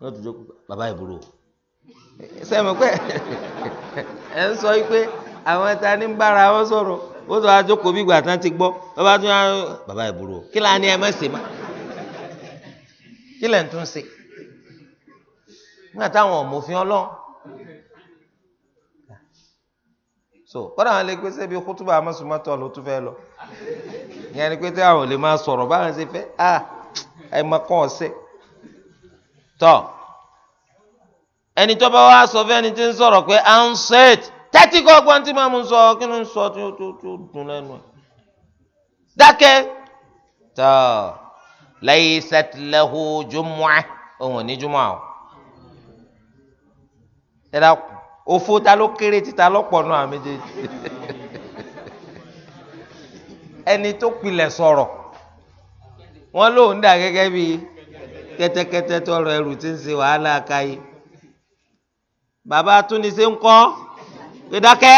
wọ́n tún jókòó bàbá ìbúrò sẹ́mi pé ẹ̀ ń sọ pé àwọn tá a ní bára wọn sọ̀rọ̀ ó sọ àjókòó bí ìgbà tán ti gbọ́ bàbá tún yára bàbá ìbúrò kí láà ní ẹ má má kí lẹ̀ ń tún ṣe nígbà táwọn ọ̀mọ̀fin ọlọ́run. so kọ́dà wọn lè pé sẹ́bi kútùbà amásùmátọ́ ló tún fẹ́ lọ ìyẹn ni pé tí àwọn ò lè máa sọ̀rọ̀ báwọn ṣe fẹ́ à ẹ̀ máa kàn ọ́ sẹ́ tọ́ ẹni tó bá wá sọ fẹ́ ẹni tí ń sọ̀rọ̀ pé à tẹ́tí kọ́ ọgbọ́n tí màá sọ kí ló ń sọ tó tó tó dùn lẹ́nu ẹ̀ dákẹ́ tọ́ laysat lahu jumu'ah òun ò ní jumu'ah o ẹ dákun òfo ta ló kéré títa lọ́pọ̀ náà àmì jẹjẹ ẹni tó pilẹ̀ sọ̀rọ̀ wọ́n lóun dà gẹ́gẹ́ bí kẹ́tẹ́kẹ́tẹ́ tọrọ ẹrù tí ń ṣe wàhálà káyé bàbá túnisẹ́ ń kọ́ ìdákẹ́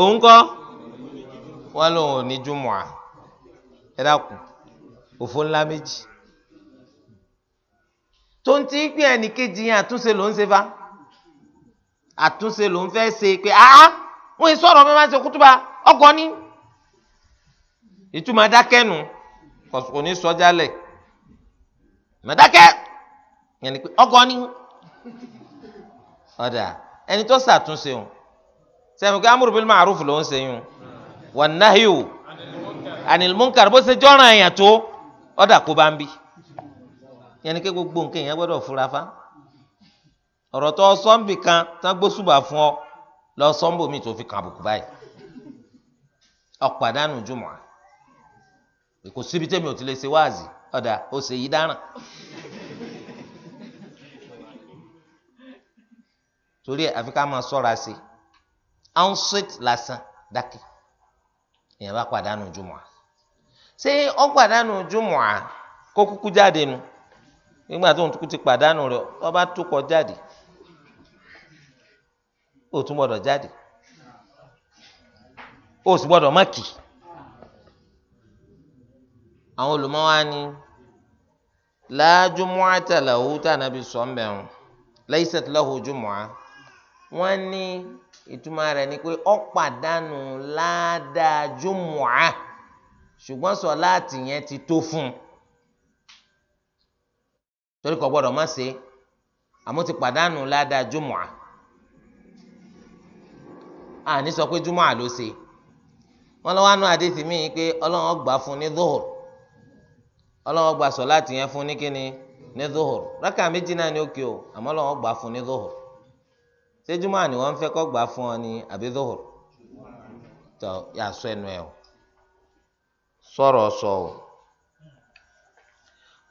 òun kọ́ wọ́n lóun ní jùmọ̀à ẹ òfo ńlá méjì tó ń ti pín ẹnì kejì yẹn àtúnṣe ló ń ṣe fa. àtúnṣe ló fẹ́ ṣe pé ah wọ́n yìí sọ̀rọ̀ mẹ́wàá ṣe kútùbà ọgọ́ ni ìtumọ̀ dákẹ́nu kò ní sọ́jálẹ̀ mọ̀dákẹ́ yẹn pé ọgọ́ ni ọ̀dà ẹni tó ṣàtúnṣe o sẹ́mi wọ́n o bó ṣe jọ́ràn tó ọ̀dà kó bá ń pé gbogbo nǹkan ọ̀rọ̀ tó sọ́ǹbì kan tán gbósùbà fún ọ lọ sọ́ǹbò mi tó fi kàn àbùkù báyìí ọ̀pàdánù jùmọ̀ kò síbi tẹ́mi ò ti lè ṣe wáàzì ọ̀dà ó ṣe yí dáràn. torí ẹ àfi ká máa sọ́ra sí i lásán dákẹ́ èèyàn bá pàdánù jùmọ̀ ṣé ó pàdánù jùmọ̀ kó kúkú jáde nu nígbà tó ń tukú ti pàdánù rẹ ọba tó kọ jáde o tún gbọ́dọ̀ jáde o sì gbọ́dọ̀ má kì àwọn olùmọwá ni láàjúmọ àtàlàwò tànàbí sọmbẹrún laysat lahu jumu'a wọn ní ìtumọ̀ rẹ̀ ni pé ó pàdánù ládàá jumu'a ṣùgbọ́n sọ láti yẹn ti tó fún un torí kò gbọ́dọ̀ má ṣe àmọ́ ti pàdánù ládàá jumu'a. àní sọ pé júmọ́ àló ṣe wọn lọ́wọ́ àánú àdéhìí mi pé ọlọ́run gbà fún ní sọ láti yẹn fún ní kíni ní dóhùr rákà méjì náà ní òkè o àmọ́ ọlọ́run gbà fún ní dóhùr ṣé júmọ́ àní wọ́n ń fẹ́ gbà fún ọ ní àbí sọ ẹnu o sọrọ sọ o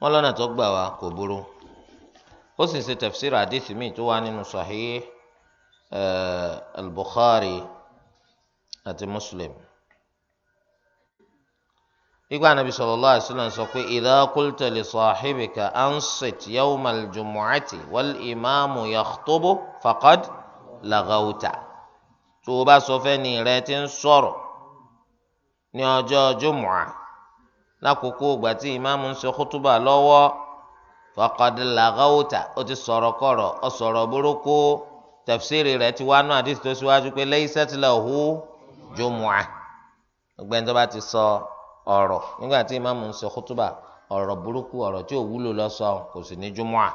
wọn tó gbà wá kò burú ó sì ń ṣe Eh, al-Bukhari àti Muslim igba anabi sallallahu alaihi wasallam sọ pé idha qulta li sahibika ansit yawmal jumu'ati wal imaamu yakhtubu faqad laghawta tó o bá sọ fẹ́ni rẹ ti ń sọ̀rọ̀ ní ọjọ́ jumu'a lákòókò ìgbà tí ìmáàmù ń ṣe faqad laghawta ó ti sọ̀rọ̀ kọ̀rọ̀ ó sọ̀rọ̀ burúkú tafsiri rẹ̀ ti wá nú àdìsí tó síwájú pé laysat lahu jumu'a ọgbẹ́ni tó bá ti sọ ọ̀rọ̀ nígbà tí ìmáàmù ń sọ kútúbà ọ̀rọ̀ burúkú ọ̀rọ̀ tí ò wúlò lọ́sọ̀ kò sì ní jumu'a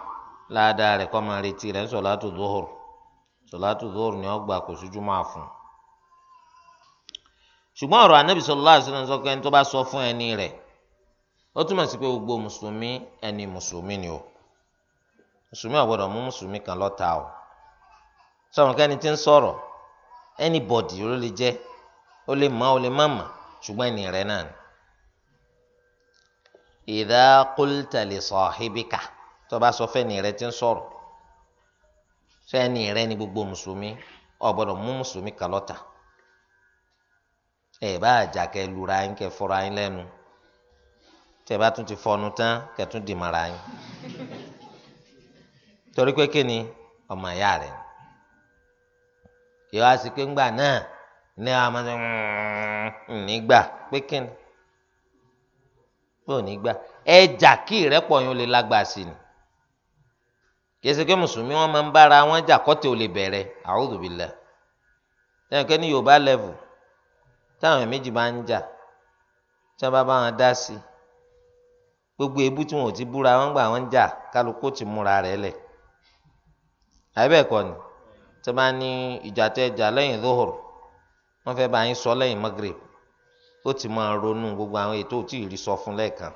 láadáa rẹ̀ kọ́ máa retí rẹ̀ ń sọ̀látù zuhur sọ̀látù zuhur ni ọgbà kò sí jumu'a fún un ṣùgbọ́n ọ̀rọ̀ anábì sallallahu alaihi wasallam sọ pé ẹni tó bá sọ fún ẹni rẹ̀ ó túmọ̀ sí pé gbogbo mùsùlùmí ẹni mùsùlùmí ni o mùsùlùmí ò mú mùsùlùmí kan lọ́ta o sọ̀rọ̀ kẹ́ni tí ń sọ̀rọ̀ anybody ló lè jẹ́ ó lè má ó lè má mà ṣùgbọ́n ẹni rẹ̀ náà ni. idha qulta li sahibika tó bá sọ fẹ́ni rẹ̀ tí ń sọ̀rọ̀ fẹ́ni rẹ̀ ni gbogbo mùsùlùmí ò gbọ́dọ̀ mú mùsùlùmí kan lọ́tà bá àjà lura yín kẹ fọra yín lẹ́nu tẹ bá tún ti fọnu tán kẹ tún dì mara yín torí pé kí ọmọ ìyá rẹ̀ ni yóò wá sí pé ńgbà náà ní àwọn ọmọdé hmm, nígbà pé kí ni yóò nígbà ẹjà kí ìrẹ́pọ̀ yín ó lè lágbàá sí ni kìsì pé mùsùlùmí wọn máa ń bára wọn jà kọ́tẹ̀ ò lè bẹ̀rẹ̀ a'udhu billah lẹ́yìn pé ní yorùbá level táwọn méjì máa ń jà tí wọ́n bá bá wọn dá sí gbogbo ebú tí wọn ò ti búra wọn gbà wọn jà kálukú ti múra rẹ̀ lẹ̀ àbẹ́ẹ̀kọ́ ni tẹ́ bá ní ìjà tẹ́ jà lẹ́yìn zohor wọ́n fẹ́ bá yín sọ lẹ́yìn magrib ó ti máa ronú gbogbo àwọn ètò tí ì rí sọ fún lẹ́ẹ̀kan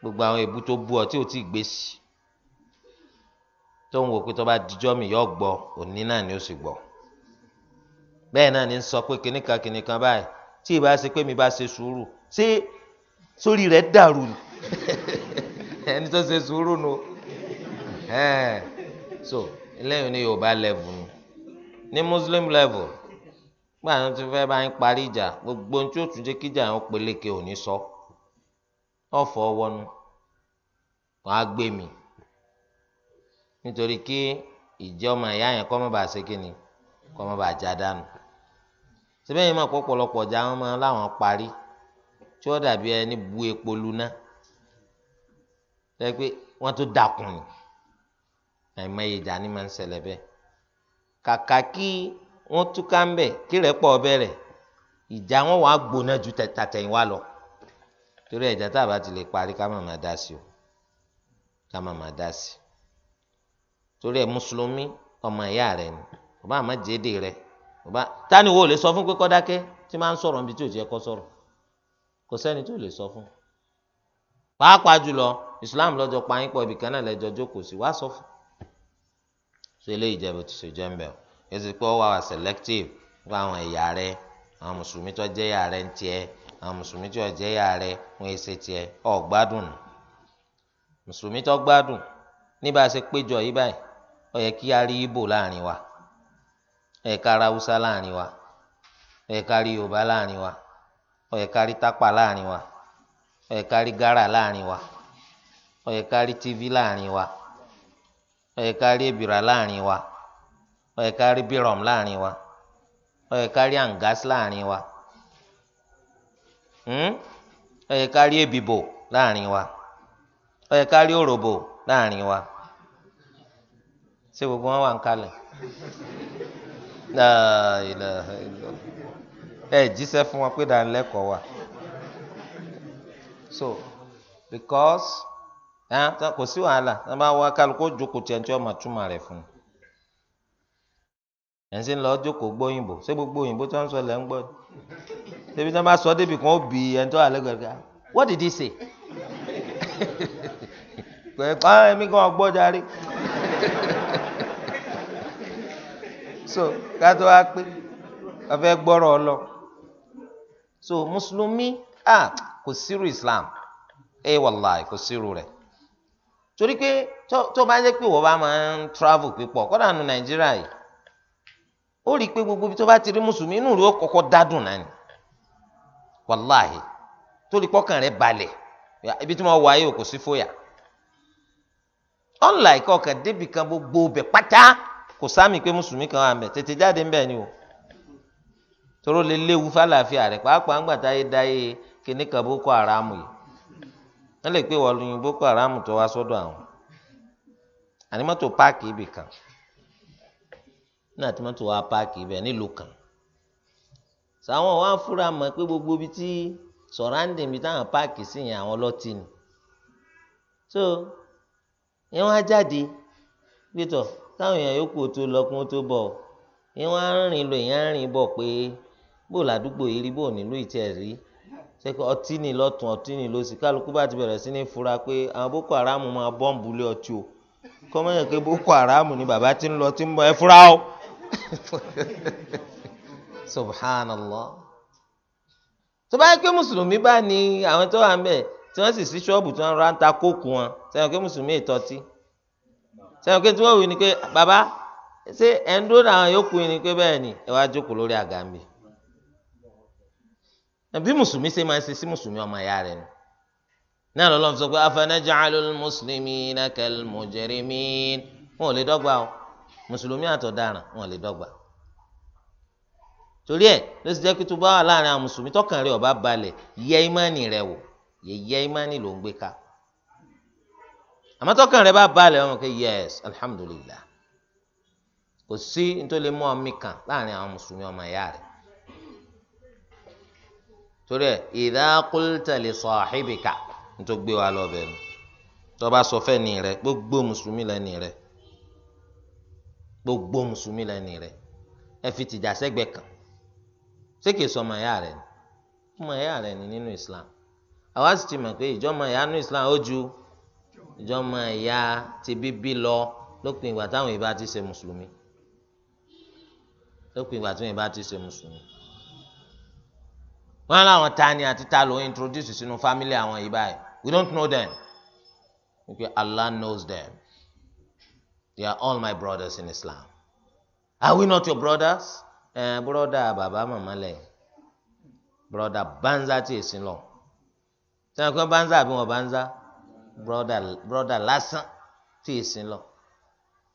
gbogbo àwọn èbú tó bú ọ tí ò tí ì gbé sí tó ń wò pé tó bá dijọ́ mi yọ gbọ́ òní náà ni ó sì gbọ́ bẹ́ẹ̀ náà ni ń sọ pé kìnnìkan kìnnìkan báyìí tí ì bá ṣe pé mi bá ṣe sùúrù ṣé sórí rẹ̀ dàrú ẹni tó ṣe sùúrù nu so eléyìí ní yorùbá level ni ní muslim level gbà tó ti fẹ́ bá ń parí ìjà gbogbo ohun tí ó tún jẹ́ kíjà yẹn ó peléke òní sọ ọ̀fọ̀ wọnú wọn á gbé mi nítorí kí ìjẹ́ ọmọ ìyá yẹn kọ́ mọ́ bá ṣe kí ni kọ́ mọ́ bá já dànù síbẹ̀ yìí máa pọ̀pọ̀lọpọ̀ já wọn máa láwọn parí tí wọ́n dàbí ẹni bu epo luná lẹ́gbẹ́ wọ́n tó dákun ni àìmọye ìjà ni máa ń ṣẹlẹ̀ bẹ́ẹ̀ kàkà kí wọ́n túká ń bẹ̀ kí rẹ̀ pọ̀ bẹ̀rẹ̀ ìjà wọn wàá gbóná ju tàtẹ̀yìnwá lọ torí ẹ̀já tá a bá ti lè parí ká má máa dá sí o ká má máa dá sí torí ẹ̀ mùsùlùmí ọmọ ìyá rẹ̀ ni bàbá àmọ́ jẹ́ẹ́dẹ̀ rẹ̀ bàbá tani wo lè sọ fún pé kó dákẹ́ tí máa ń sọ̀rọ̀ níbi tí ò jẹ́ kó sọ̀rọ̀ kò sẹ́ni tó lè sọ fún pàápàá jùlọ ìsìláàmù lọ́jọ́ pa yín pọ̀ ibìkan náà lẹ́jọ́ jókòó sí wàá sọ fún un so eléyìí jẹ́ bó ti ṣe jẹ́ ń bẹ̀ o èsì pé ó wà wá selective fún àwọn ẹ̀yà rẹ àwọn mùsùlùmí tó jẹ́ ẹ̀yà rẹ ń tiẹ̀ àwọn mùsùlùmí tó jẹ́ ẹ̀yà rẹ wọ́n èsè tiẹ̀ ọ̀ gbádùn nù mùsùlùmí tó gbádùn níbà ṣe péjọ yìí báyìí ó yẹ kí a rí Ìgbò láàrin wa ó yẹ ká rí Haúsá láàrin wa ó yẹ ká rí Yorùbá láàrin wa ó yẹ ká rí Tápà láàrin wa ó yẹ ká rí Gárà láàrin wa ó yẹ ká rí TV láàrin wa. ó yẹ ebìrà láàrin wa ó yẹ ká láàrin wa ó yẹ àǹgás láàrin wa hmm? ebìbò láàrin wa gbogbo wọn wà ń kalẹ̀ ẹ jíṣẹ́ fún wọn pé dánilẹ́kọ̀ọ́ wa so because. kò sí wàhálà tí wọn bá wá kálukó jókòó tiẹ̀ tí wọn máa túmọ̀ rẹ̀ fún un ẹ̀ ń sìn lọ jókòó gbóyìnbó ṣé gbogbo òyìnbó tí wọn sọ lẹ́ ń gbọ́ débi tí wọn bá sọ débi kan ó bì ẹni tó wà lẹ́gbẹ̀ẹ́ ah, what did he say pẹ̀lú ẹ̀mí kan ọgbọ́ darí so ká tó wá pé wọn fẹ́ gbọ́rọ̀ ọ lọ so mùsùlùmí ah kò sírù Islam ẹ eh, wàláì kò sírù rẹ̀. torí pé tó bá jẹ́ pé wọ́n bá máa ń travel pípọ̀ kọ́dà nu nàìjíríà yìí ó rí i pé gbogbo ibi tó bá ti rí mùsùlùmí inú rẹ̀ ó kọ́kọ́ dádùn náà ni wàláhì torí pọ́kàn rẹ̀ balẹ̀ ibi tí wọ́n wà yìí kò sí fòyà unlike ọkàn débì kan gbogbo ọbẹ̀ pátá kò sáàmì pé mùsùlùmí kan wà mẹ́ tètè jáde ń bẹ̀ ni o tóró lè léwu fàlàáfíà rẹ̀ pàápàá ń yìí wọ́n lè pè wọ́n lu yìnbó kó aráàmù tó wá sọ́dọ̀ àwọn àní mọ́tò páàkì ibì kan náà tí mọ́tò wá páàkì ibẹ̀ nílùú kan sàwọn wá fúra mọ̀ pé gbogbo ibi tí sọ̀ráǹdìn ibi táwọn páàkì sí yẹn àwọn ọlọ́tì ni so yẹn wá jáde gbẹtọ̀ táwọn èèyàn yòókù tó lọkùn tó bọ̀ yẹn wá rìn lọ yẹn á rìn bọ̀ pé bó làdúgbò yìí rí bó nílùú ìtẹ̀ ṣe pé ọtí ni lọ́tún ọtí ni lọ́sì kálukú bá ti bẹ̀rẹ̀ sí ní fura pé àwọn boko haram máa bọ́ǹbù lé ọtí o kọ́mọ́yàn pé boko haram ni bàbá ti ń lọ tí ń bọ̀ ẹ fura o subhanallah tó bá yẹ pé mùsùlùmí bá ní àwọn tó wà ń bẹ̀ tí wọ́n sì sí ṣọ́ọ̀bù tí wọ́n rà ń ta kóòkù wọn sẹ́yìn pé mùsùlùmí ìtọ́tí sẹ́yìn pé tí wọ́n wí ni pé bàbá ṣé ẹ̀ ń dúró àwọn yòókù ni pé bẹ́ẹ̀ ni ẹ wá jókòó lórí àgàmì bí mùsùlùmí ṣe máa ṣe sí mùsùlùmí ọmọ ìyá rẹ̀ ni náà lọ́lọ́ sọ pé afanaj'alul muslimina kal mujrimin wọn ò lè dọ́gba o mùsùlùmí àtọ̀daràn wọn ò lè dọ́gba torí ẹ ló ti jẹ́ pé tó bá wà láàrin àwọn mùsùlùmí tọkàn rẹ̀ ọba balẹ̀ yẹ ìmánì rẹ̀ wò yẹ ìmánì ló ń gbé ká àmọ́ tọkàn rẹ̀ bá balẹ̀ wọn kò yẹs alhamdulillah kò sí nítorí mọ́ ọmí kan láàrin àwọn mùsùlùmí ọmọ ìyá rẹ̀ torí ẹ ìdá qulta li sahibika nítorí gbé wa lọ bẹ ni tó bá sọ fẹ́ ni rẹ gbogbo mùsùlùmí lẹ́ni rẹ gbogbo mùsùlùmí lẹ́ni rẹ ẹ fi tìjà sẹ́gbẹ́ kan ṣé kìí sọ ọmọ ẹ̀yà rẹ ni ọmọ ẹ̀yà rẹ ni nínú Islam àwa sì ti mọ̀ pé ìjọ́mọ ẹ̀yà nínú Islam ó ju ìjọ́mọ ẹ̀yà ti bíbí lọ lópin ìgbà táwọn ìbá ti ṣe mùsùlùmí lópin ìgbà táwọn ìbá ti ṣe mùsùlùmí wọn làwọn ta ni àti ta ló introduce sínú family àwọn yìí báyìí we don't know them Okay, Allah knows them they are all my brothers in Islam are we not your brothers ẹ eh, broda bàbá màmá lẹ́yìn broda banza ti èsì lọ sẹ́yìn pé banza àbí wọn banza broda broda lásán ti èsì lọ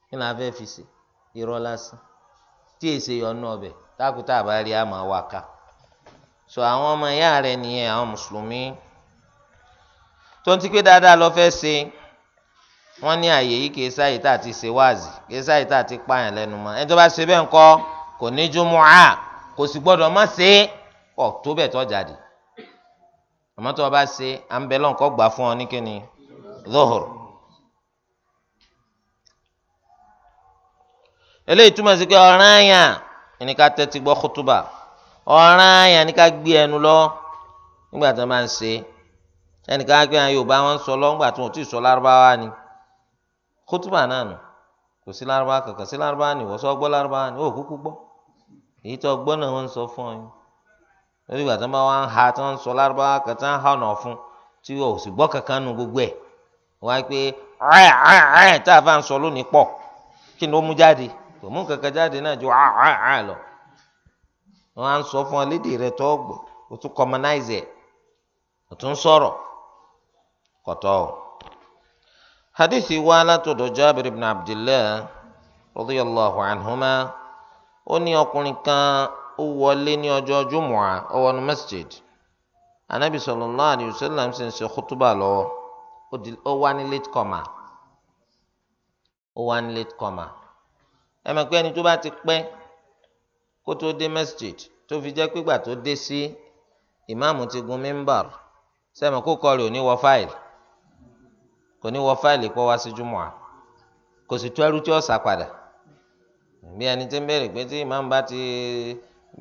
kí ni a fẹ́ fi ṣe irọ́ lásán tí èsì yọ ọ́ nù ọbẹ̀ táàkùtà àbárí àmọ́ wa so àwọn ọmọ ìyá rẹ nìyẹn àwọn mùsùlùmí tó ń ti pé dáadáa lọ fẹ́ ṣe wọ́n ní àyè yìí kìí sáyè tá a ti ṣe wáàzì kìí sáyè tá a ti pààyàn lẹ́nu mọ́ ẹni tó bá ṣe bẹ́ẹ̀ ńkọ́ kò ní jùmọ̀á kò sì gbọ́dọ̀ má ṣe é ọ̀ tó bẹ̀ tó jáde àmọ́ tó o bá ṣe à ń bẹ lọ́nkọ́ gbà fún ọ ní kíni lóhùrù. eléyìí túmọ̀ sí pé ọ̀ràn àyàn ẹni ká tẹ́tí gbọ́ kútúbà ọ̀ràn yẹn ni ká gbé ẹnu lọ nígbà tí wọ́n máa ń ṣe ẹnìkan á gbé àwọn Yorùbá wọn sọ lọ tí wọ́n ò sọ lárúbáwá ni kótóbà náà nù kò sí lárúbáwá kankan sí lárúbáwá ni wọ́n sọ gbọ́ lárúbáwá ni ó kúkú gbọ́ èyí tó gbọ́ náà wọ́n ń sọ fún ọ yìí lórí ìgbà tí wọ́n wá ń ha tí wọ́n ń sọ lárúbáwá kan tí wọ́n ń ha ọ̀nà fún tí o sì gbọ́ kankan nu gbogbo ẹ̀ wọ́n a fà wọn á ń sọ fún ọ lédè rẹ tó gbọ́ o tún commonize ẹ o tún sọ̀rọ̀ kọtọ o. hadithi wa látọ̀dọ̀ Jabir ibn Abdillah radiyallahu anhuma ó ní ọkùnrin kan ó wọlé ní ọjọ́ jumu'a ó wọnú masjid anabi sallallahu alayhi wa sallam sì ń ṣe khutuba lọ́wọ́ ó wá ní late comer ó wá ní late comer ẹ mọ̀ pé ẹni tó bá ti pẹ́ kó tó dé masjid tó fi jẹ́ pígbà tó dé sí ìmáàmù ti gun mímbàr sẹ́mi kó kọ́ rẹ̀ ò ní wọ fáìlì kò ní wọ fáìlì kó wá sí júmọ̀à kò sì tú ẹrú tí ó sá padà bí ẹni tí ń bẹ̀rẹ̀ pé tí ìmáàmù bá ti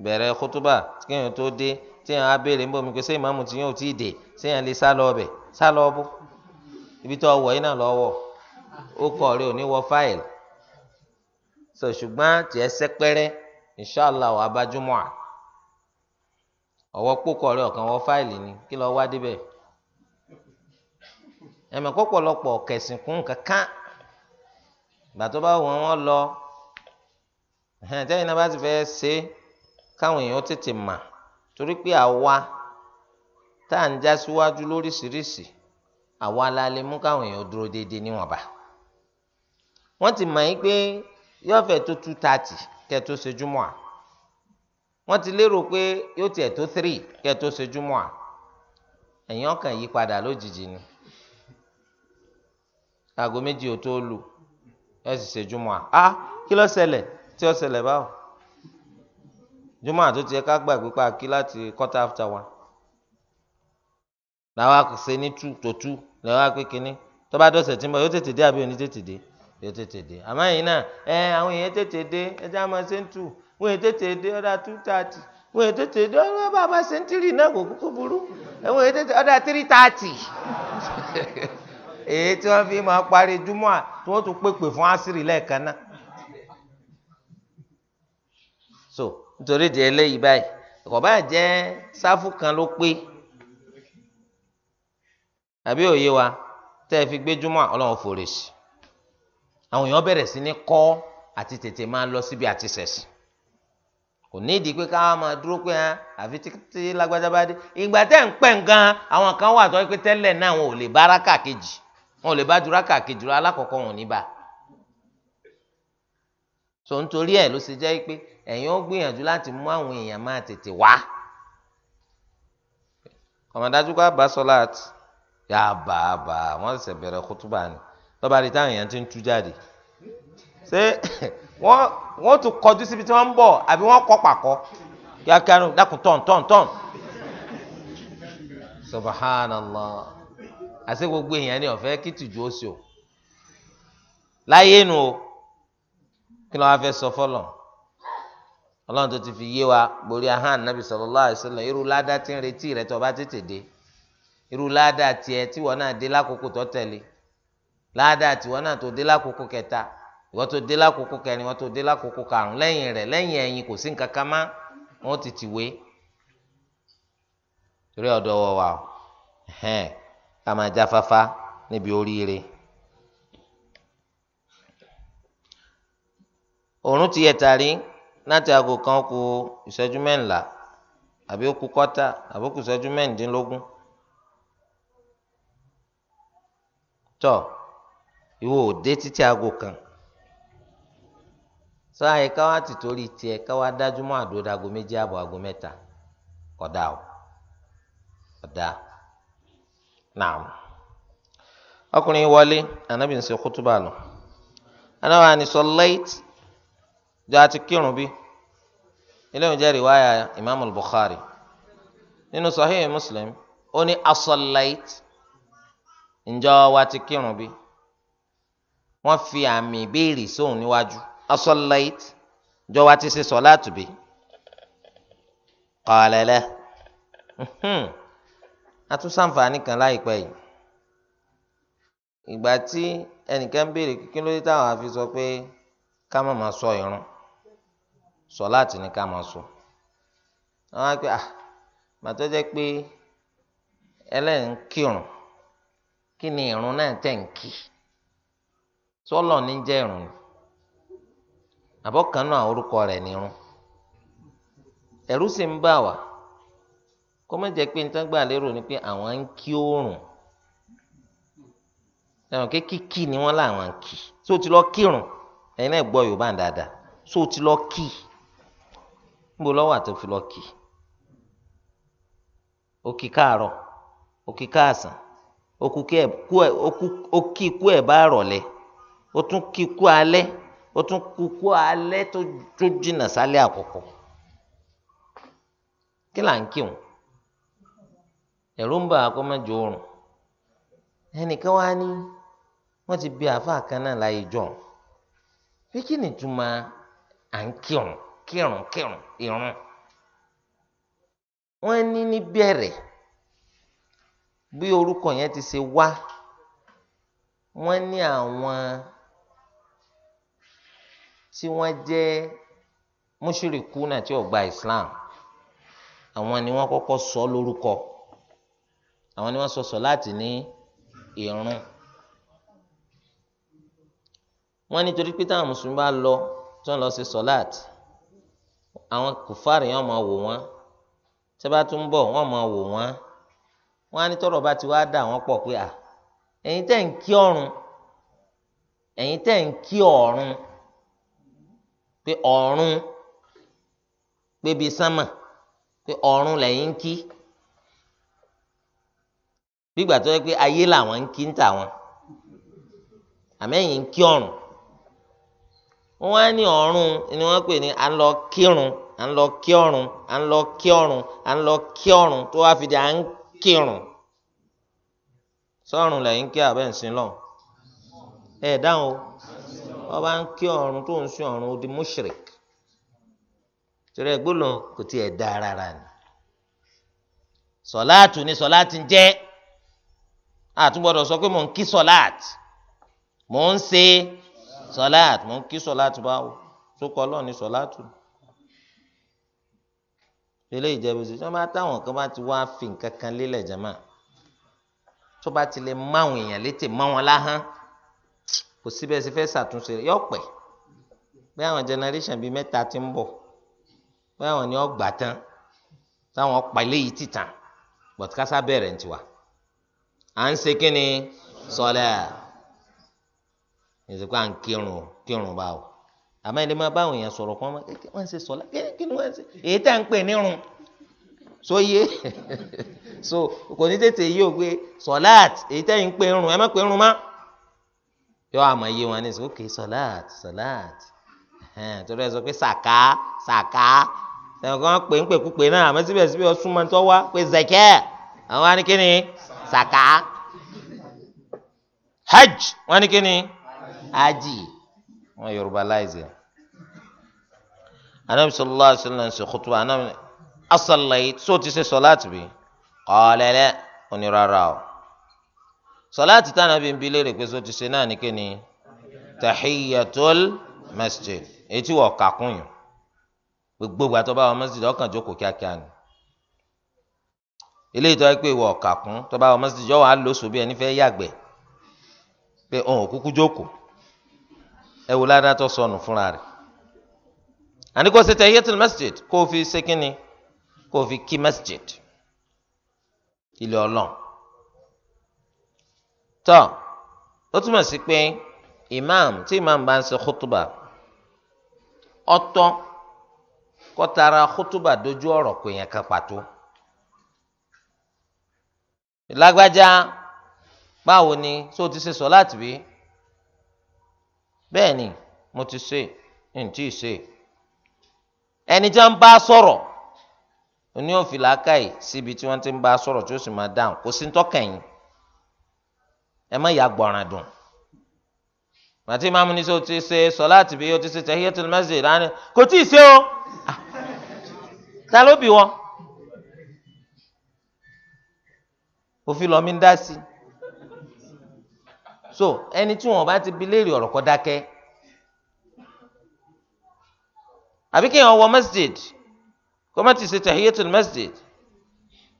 bẹ̀rẹ̀ kútúbà kéèyàn tó dé tí yẹn á béèrè níbo mi pé sẹ́yìn ìmáàmù tí yẹn ò tí ì dé sẹ́yìn lè sá lọ ọbẹ̀ sá lọ ọbú ibi tó wọ̀ yín lọ wọ̀ ó kọ́ ní wọ fáìlì sọ ṣùgbọ́n tiẹ̀ sẹ́pẹ́rẹ́ inshàlá wàá bá júmọ́ à ọ̀wọ́ pòkọ̀ rẹ ọ̀kan wọ fáìlì ni kí lọ́ọ́ wá débẹ̀ ẹ̀mẹ̀ kọ́pọ̀lọpọ̀ kẹ̀sìn kún kankan ìgbà tó bá wọn wọn lọ tẹ́yìn náà bá ti fẹ́ ṣe káwọn èèyàn tètè mà torí pé àwa tá à ń já síwájú lóríṣiríṣi àwa la lè mú káwọn èèyàn dúró déédéé níwọ̀nba wọ́n ti mọ̀ yín pé yọ̀ọ̀fẹ́ tó tú tààtì kẹ́ tó ṣe júmọ́ à wọ́n ti lérò pé yóò tiẹ̀ tó three kẹ́ tó ṣe júmọ́ à ẹ̀yìn ọkàn yí padà lójijì ni aago méjì ò tó lù ẹ sì ṣe júmọ́ à á ah, kí ló ṣẹlẹ̀ tí ó ṣẹlẹ̀ báwo júmọ́ àtúntò yẹ ká gbàgbé pa kí láti quarter after one làwọn àkùsẹ́ ní two tó two làwọn àpé kínní tó bá dọ̀sẹ̀ tí mo yóò tètè dé àbí oní tètè dé yóò tètè dé àmọ́ ẹ̀yin náà ẹ àwọn èèyàn tètè dé ẹjẹ́ àmọ́ sẹ́ńtù wọ́n èèyàn tètè dé ọ̀dà two thirty wọ́n èèyàn tètè dé ọ̀dà bàbá sẹ́ńtìrì náà kò kúkú burú wọ́n èèyàn tètè ọ̀dà three thirty èyí tí wọ́n fi máa parí júmọ́ à tí wọ́n tún pèpè fún àṣírí lẹ́ẹ̀kan náà so nítorí di eléyìí báyìí kò bá jẹ́ sáfù kan ló pé àbí òye wa tẹ́ ẹ fi gbé júmọ́ ọlọ́run fòrèsì àwọn èèyàn bẹ̀rẹ̀ sí ní kọ́ àti tètè máa lọ síbi àti sẹ̀sìn kò ní ìdí pé káwọn máa dúró pé àfi tí lágbájá bá dé ìgbà tẹ́ ń pẹ́ nǹkan àwọn kan wà tó pé tẹ́lẹ̀ náà wọn ò lè bá rákà kejì wọn ò lè bá dúró rákà kejì lọ alákọ̀ọ́kọ́ wọn ní bá so nítorí ẹ̀ ló ṣe jẹ́ pé ẹ̀yin ó gbìyànjú láti mú àwọn èèyàn máa tètè wá kọ̀mọ̀dájú kó àbá sọ́láàtì yà bàbà wọ́n ṣẹ̀ṣẹ̀ bẹ̀rẹ̀ kútúbà ni. lọ́ba rí táwọn èèyàn ti ń tú jáde ṣé wọ́n wọ́n tún kọjú síbi tí wọ́n ń bọ̀ àbí wọ́n kíákíá ní dákun tọ̀n tọ̀n tọ̀n gbogbo èèyàn ni ọ̀fẹ́ o láyé nu o kí ló wá fẹ́ sọ fọlọ́ ọlọ́run tó ti fi yé wa borí ahán nàbì sallallahu alaihi wasallam irú ládàá ti ń retí rẹ tó bá tètè dé irú ládàá tiẹ̀ tí wọ́n náà dé lákòókò tó ládàá tiwọn náà tó dé lákòókò kẹta ìwọ tó dé lákòókò kẹrin ìwọ tó dé lákòókò karùn lẹ́yìn rẹ̀ lẹ́yìn ẹ̀yìn kò sí nǹkan kan má wọn ti tìwé torí ọ̀dọ̀ wọ wa ẹhẹn ká máa jáfáfá níbi oríire. òòrùn ti yẹ̀ láti aago kan kù ìṣẹ́jú mẹ́ńlá àbí ó kù kọ́tà àbí ó kù ìṣẹ́jú mẹ́ǹdínlógún ìwọ ò dé títí aago kan sọ àyè ká wá ti torí tiẹ̀ ká dájú mọ́ àdúró aago méjì ààbọ̀ aago mẹ́ta kódà o kódà náà ọkùnrin wọlé anabi ń ṣe kútúbà lọ anáwó ànisọ lẹ́t jọ àti kírun bí ilé ìjẹ́ rìwáyà imaamu bukhari nínú sahih muslim ó ní asọ lẹ́t ǹjọ́ wa ti kírun bí wọ́n fi àmì ìbéèrè sóhun níwájú asọ́láìt jọ̀wọ́ ti ṣe sọ́láàtù bí kọ́lẹ́lẹ́ atúnṣàǹfààní kan láìpẹ́ yìí ìgbà tí ẹnìkan béèrè kí ló dé táwọn àfi sọ pé ká má máa sọ irun sọ́láàtù ni ká máa sọ wọ́n á pé ah màtọ́ jẹ́ pé ẹlẹ́yìn kírun kí ni irun náà tẹ̀ ń kí. tọlọ ní jẹ́ ìrun àbọ̀kanú àwọn orúkọ rẹ nírun ẹ̀rú sì ń bà wá kó má jẹ́ pé nítorí ni pé àwọn ń kí oòrùn kékìkì ni ń kí so ti lọ kírun náà Yorùbá so ti lọ kí níbo lọ́wọ́ àti òfin lọ kí ó káàárọ̀ ó káàsán kú ẹ̀ ó tún kí kú alẹ́ ó tún kú kú alẹ́ tó tó jìnnà sálẹ̀ àkọ́kọ́ kí là ń kírun ẹ̀rú ń bà á kó má jò oorun ẹnìkan wá ní wọ́n ti bí àáfàá kan náà láyé jọ pé kí ni túmọ̀ à ń kírun kírun kírun irun wọ́n ní ní bí orúkọ yẹn ti ṣe wá wọ́n ní àwọn tí wọ́n jẹ́ mushrikuna tí ó gba islam àwọn ni wọ́n kọ́kọ́ sọ lórúkọ àwọn ni wọ́n sọ sọ̀láàtì ní ìrun wọ́n nítorí pé táwọn mùsùlùmí bá lọ tí wọ́n lọ sí sọ̀láàtì àwọn kùfàrì yẹn máa wò wọ́n tí wọ́n bá tún bọ̀ wọ́n máa wò wọ́n wọ́n á ní tọ́rọ̀ bá ti wá dà wọ́n pọ̀ pé à ẹ̀yin tẹ́ ń kí ọ̀run ẹ̀yin tẹ́ ń kí ọ̀run. pé ọ̀run pé sama sánmà pé ọ̀run lẹ́yìn ń kí gbígbà tó yẹ pé ayé làwọn ń kí ń tà wọn àmẹ́yìn ń kí ọ̀run wọ́n á ní ọ̀run ni wọ́n pè ní à ń lọ kírun à ń lọ kí ọ̀run à ń lọ kí ọ̀run à ń lọ kí ọ̀run tó wá fi di à ń kírun sọ́run lẹ́yìn kí abẹ́ lọ ẹ̀ dáhùn o. wọ́n bá ń kí ọ̀run tó ń sin ọ̀run ó di mushrik torí ẹ gbólóhùn kò tiẹ̀ dá rárá ni sọláàtù ni sọláàtì ń jẹ́ àtúgbọ́dọ̀ sọ pé mò ń kí sọláàtì mò ń ṣe sọláàtì mò ń kí sọláàtì báwo tó kọ lọ́ọ̀ ni sọláàtù ilé ìjẹ́bù sí tí wọ́n bá táwọn kan bá ti wá fi nǹkan kan lélẹ̀ jẹ́mà tó bá ti lè máwọn èèyàn létè máwọn láhán kò síbẹ̀ sí fẹ́ ṣàtúnṣe yọ pẹ́ bí àwọn generation bíi mẹ́ta ti ń bọ̀ bí àwọn ni ọgbà tán táwọn pàlẹ́ yìí ti tàn bọ̀tíkásá bẹ̀rẹ̀ ń tiwa à ń ṣe kí ni sọlẹ́ à ìsìnkú à ń kírun kírun báwo àmọ́ ẹni máa báwọn èèyàn sọ̀rọ̀ kan wọ́n ṣe sọlá kí ni wọ́n ṣe èyí tá à ń pè nírun so yé so kò ní tètè yí o pé sọláàt èyí tẹ́yìn ń pè irun ẹ má pè irun mọ́ yóò àmọ́ yé wọn ní sọ ok sọláàt sọláàt torí ẹ sọ pé sàká sàká ẹnìkan pè ń pèkúpè náà àmọ́ síbẹ̀síbẹ̀ ọtún máa ń tọ́ wá pé zẹ̀kẹ́ àwọn wá ní kíni sàká hajj wọ́n ní kíni ají wọn yorùbá láìsí anabi sallallahu alaihi ṣe kutuba anabi asalayi so ti ṣe sọláàtì bi kọ́lẹ́lẹ́ onírárá o sọláàtì táwọn abẹ́ ń bi léèrè pé so ti ṣe náà ní kíni tahiyatul masjid etí wọ̀ kakún yìí gbogbo ìgbà tó bá wọ masjid ọkàn jókòó kíákíá ni eléyìí tó wá pé ìwọ kakún tó bá wọ masjid yọ wà á lóṣù bí ẹni fẹ́ yàgbẹ́ pé òun kúkú jókòó ẹ wò ládàá tó sọnù fúnra rẹ̀ àníkó tahiyatul masjid kó o fi ṣe kíni kó o fi kí masjid ilé ọlọ́run tọ́ ó túmọ̀ sí pé imam tí imam bá ń ṣe khutuba ọ̀tọ̀ kó tara khutuba dojú ọ̀rọ̀ kò yẹn kan pàtó lágbájá báwo ni tó ti ṣe sọ̀láàtì bí bẹ́ẹ̀ ni mo ti ṣe ntí ṣe ẹni tí wọ́n bá sọ̀rọ̀ oní òfìlà káyì síbi tí wọ́n ti ń bá sọ̀rọ̀ tí ó sì máa dáhùn kò sí ń tọ́kàn yín ẹ má yà gbọ̀ràn dùn màtí ìmáàmù ní sọ ti ṣe sọláàtì bí o ti ṣe tahiyatul masjid lánàá kò tí ì ṣe o ah, ta ló bì wọ́n òfin lọ́mí ń dá sí so ẹni tí wọn bá ti bi léèrè ọ̀rọ̀ kó dákẹ́ àbí kí wọn wọ masjid kó ṣe tahiyatul masjid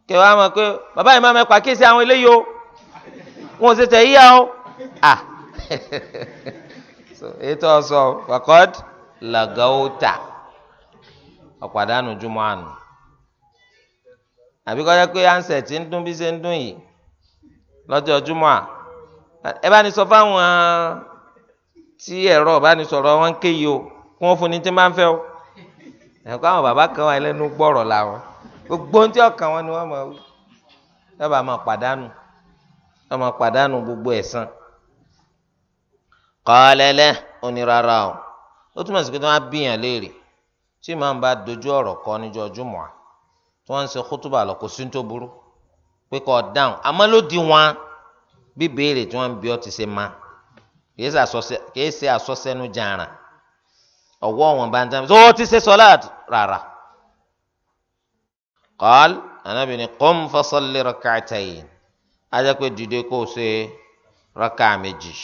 kẹwàá máa pé bàbá ìmáàmù ẹ pàkíyèsí àwọn eléyìí o wọn ò ṣe tẹ̀ yíyá o à ètò ọ̀sọ̀ fàkọ́d làgọ́wọ́tà ọ̀pàdánù jùmọ̀ àná àbí kọ́ jẹ́ pé ansẹ̀ tí ń dún bí ṣe ń dún yìí lọ́jọ́ jùmọ̀ à ẹ bá ní sọ fáwọn tí ẹ̀rọ bá ní sọ̀rọ̀ wọn ké yìí o kí wọ́n fún ni tí máa ń fẹ́ o ẹ̀kọ́ àwọn bàbá kan wà lẹ́nu gbọ́rọ̀ làwọn gbogbo ohun tí ọkàn wọn ni wọ́n máa wí lọ́ba máa pàdánù ká máa pàdánù gbogbo ẹ̀san kọ́lẹ́lẹ́ onírara o ó túmọ̀ sí pé tí wọ́n á bíyàn léèrè tí màá bá dojú ọ̀rọ̀ kọ níjọ́ jùmọ̀ à tí wọ́n ń ṣe kútùbà lọ kò sí ní tó burú pé kọ́ dáhùn àmọ́ ló di wọn bí tí wọ́n ń bí ọ ti ṣe máa kìí ṣe àsọsẹ́nu jàǹrà ọwọ́ wọn bá ń tẹ́ ọ ti ṣe sọ́láàtì rárá. kọ́l anábìnrin qum fasalli rak'atayn ajẹ́pẹ́ dìde kó o ṣe rákà méjì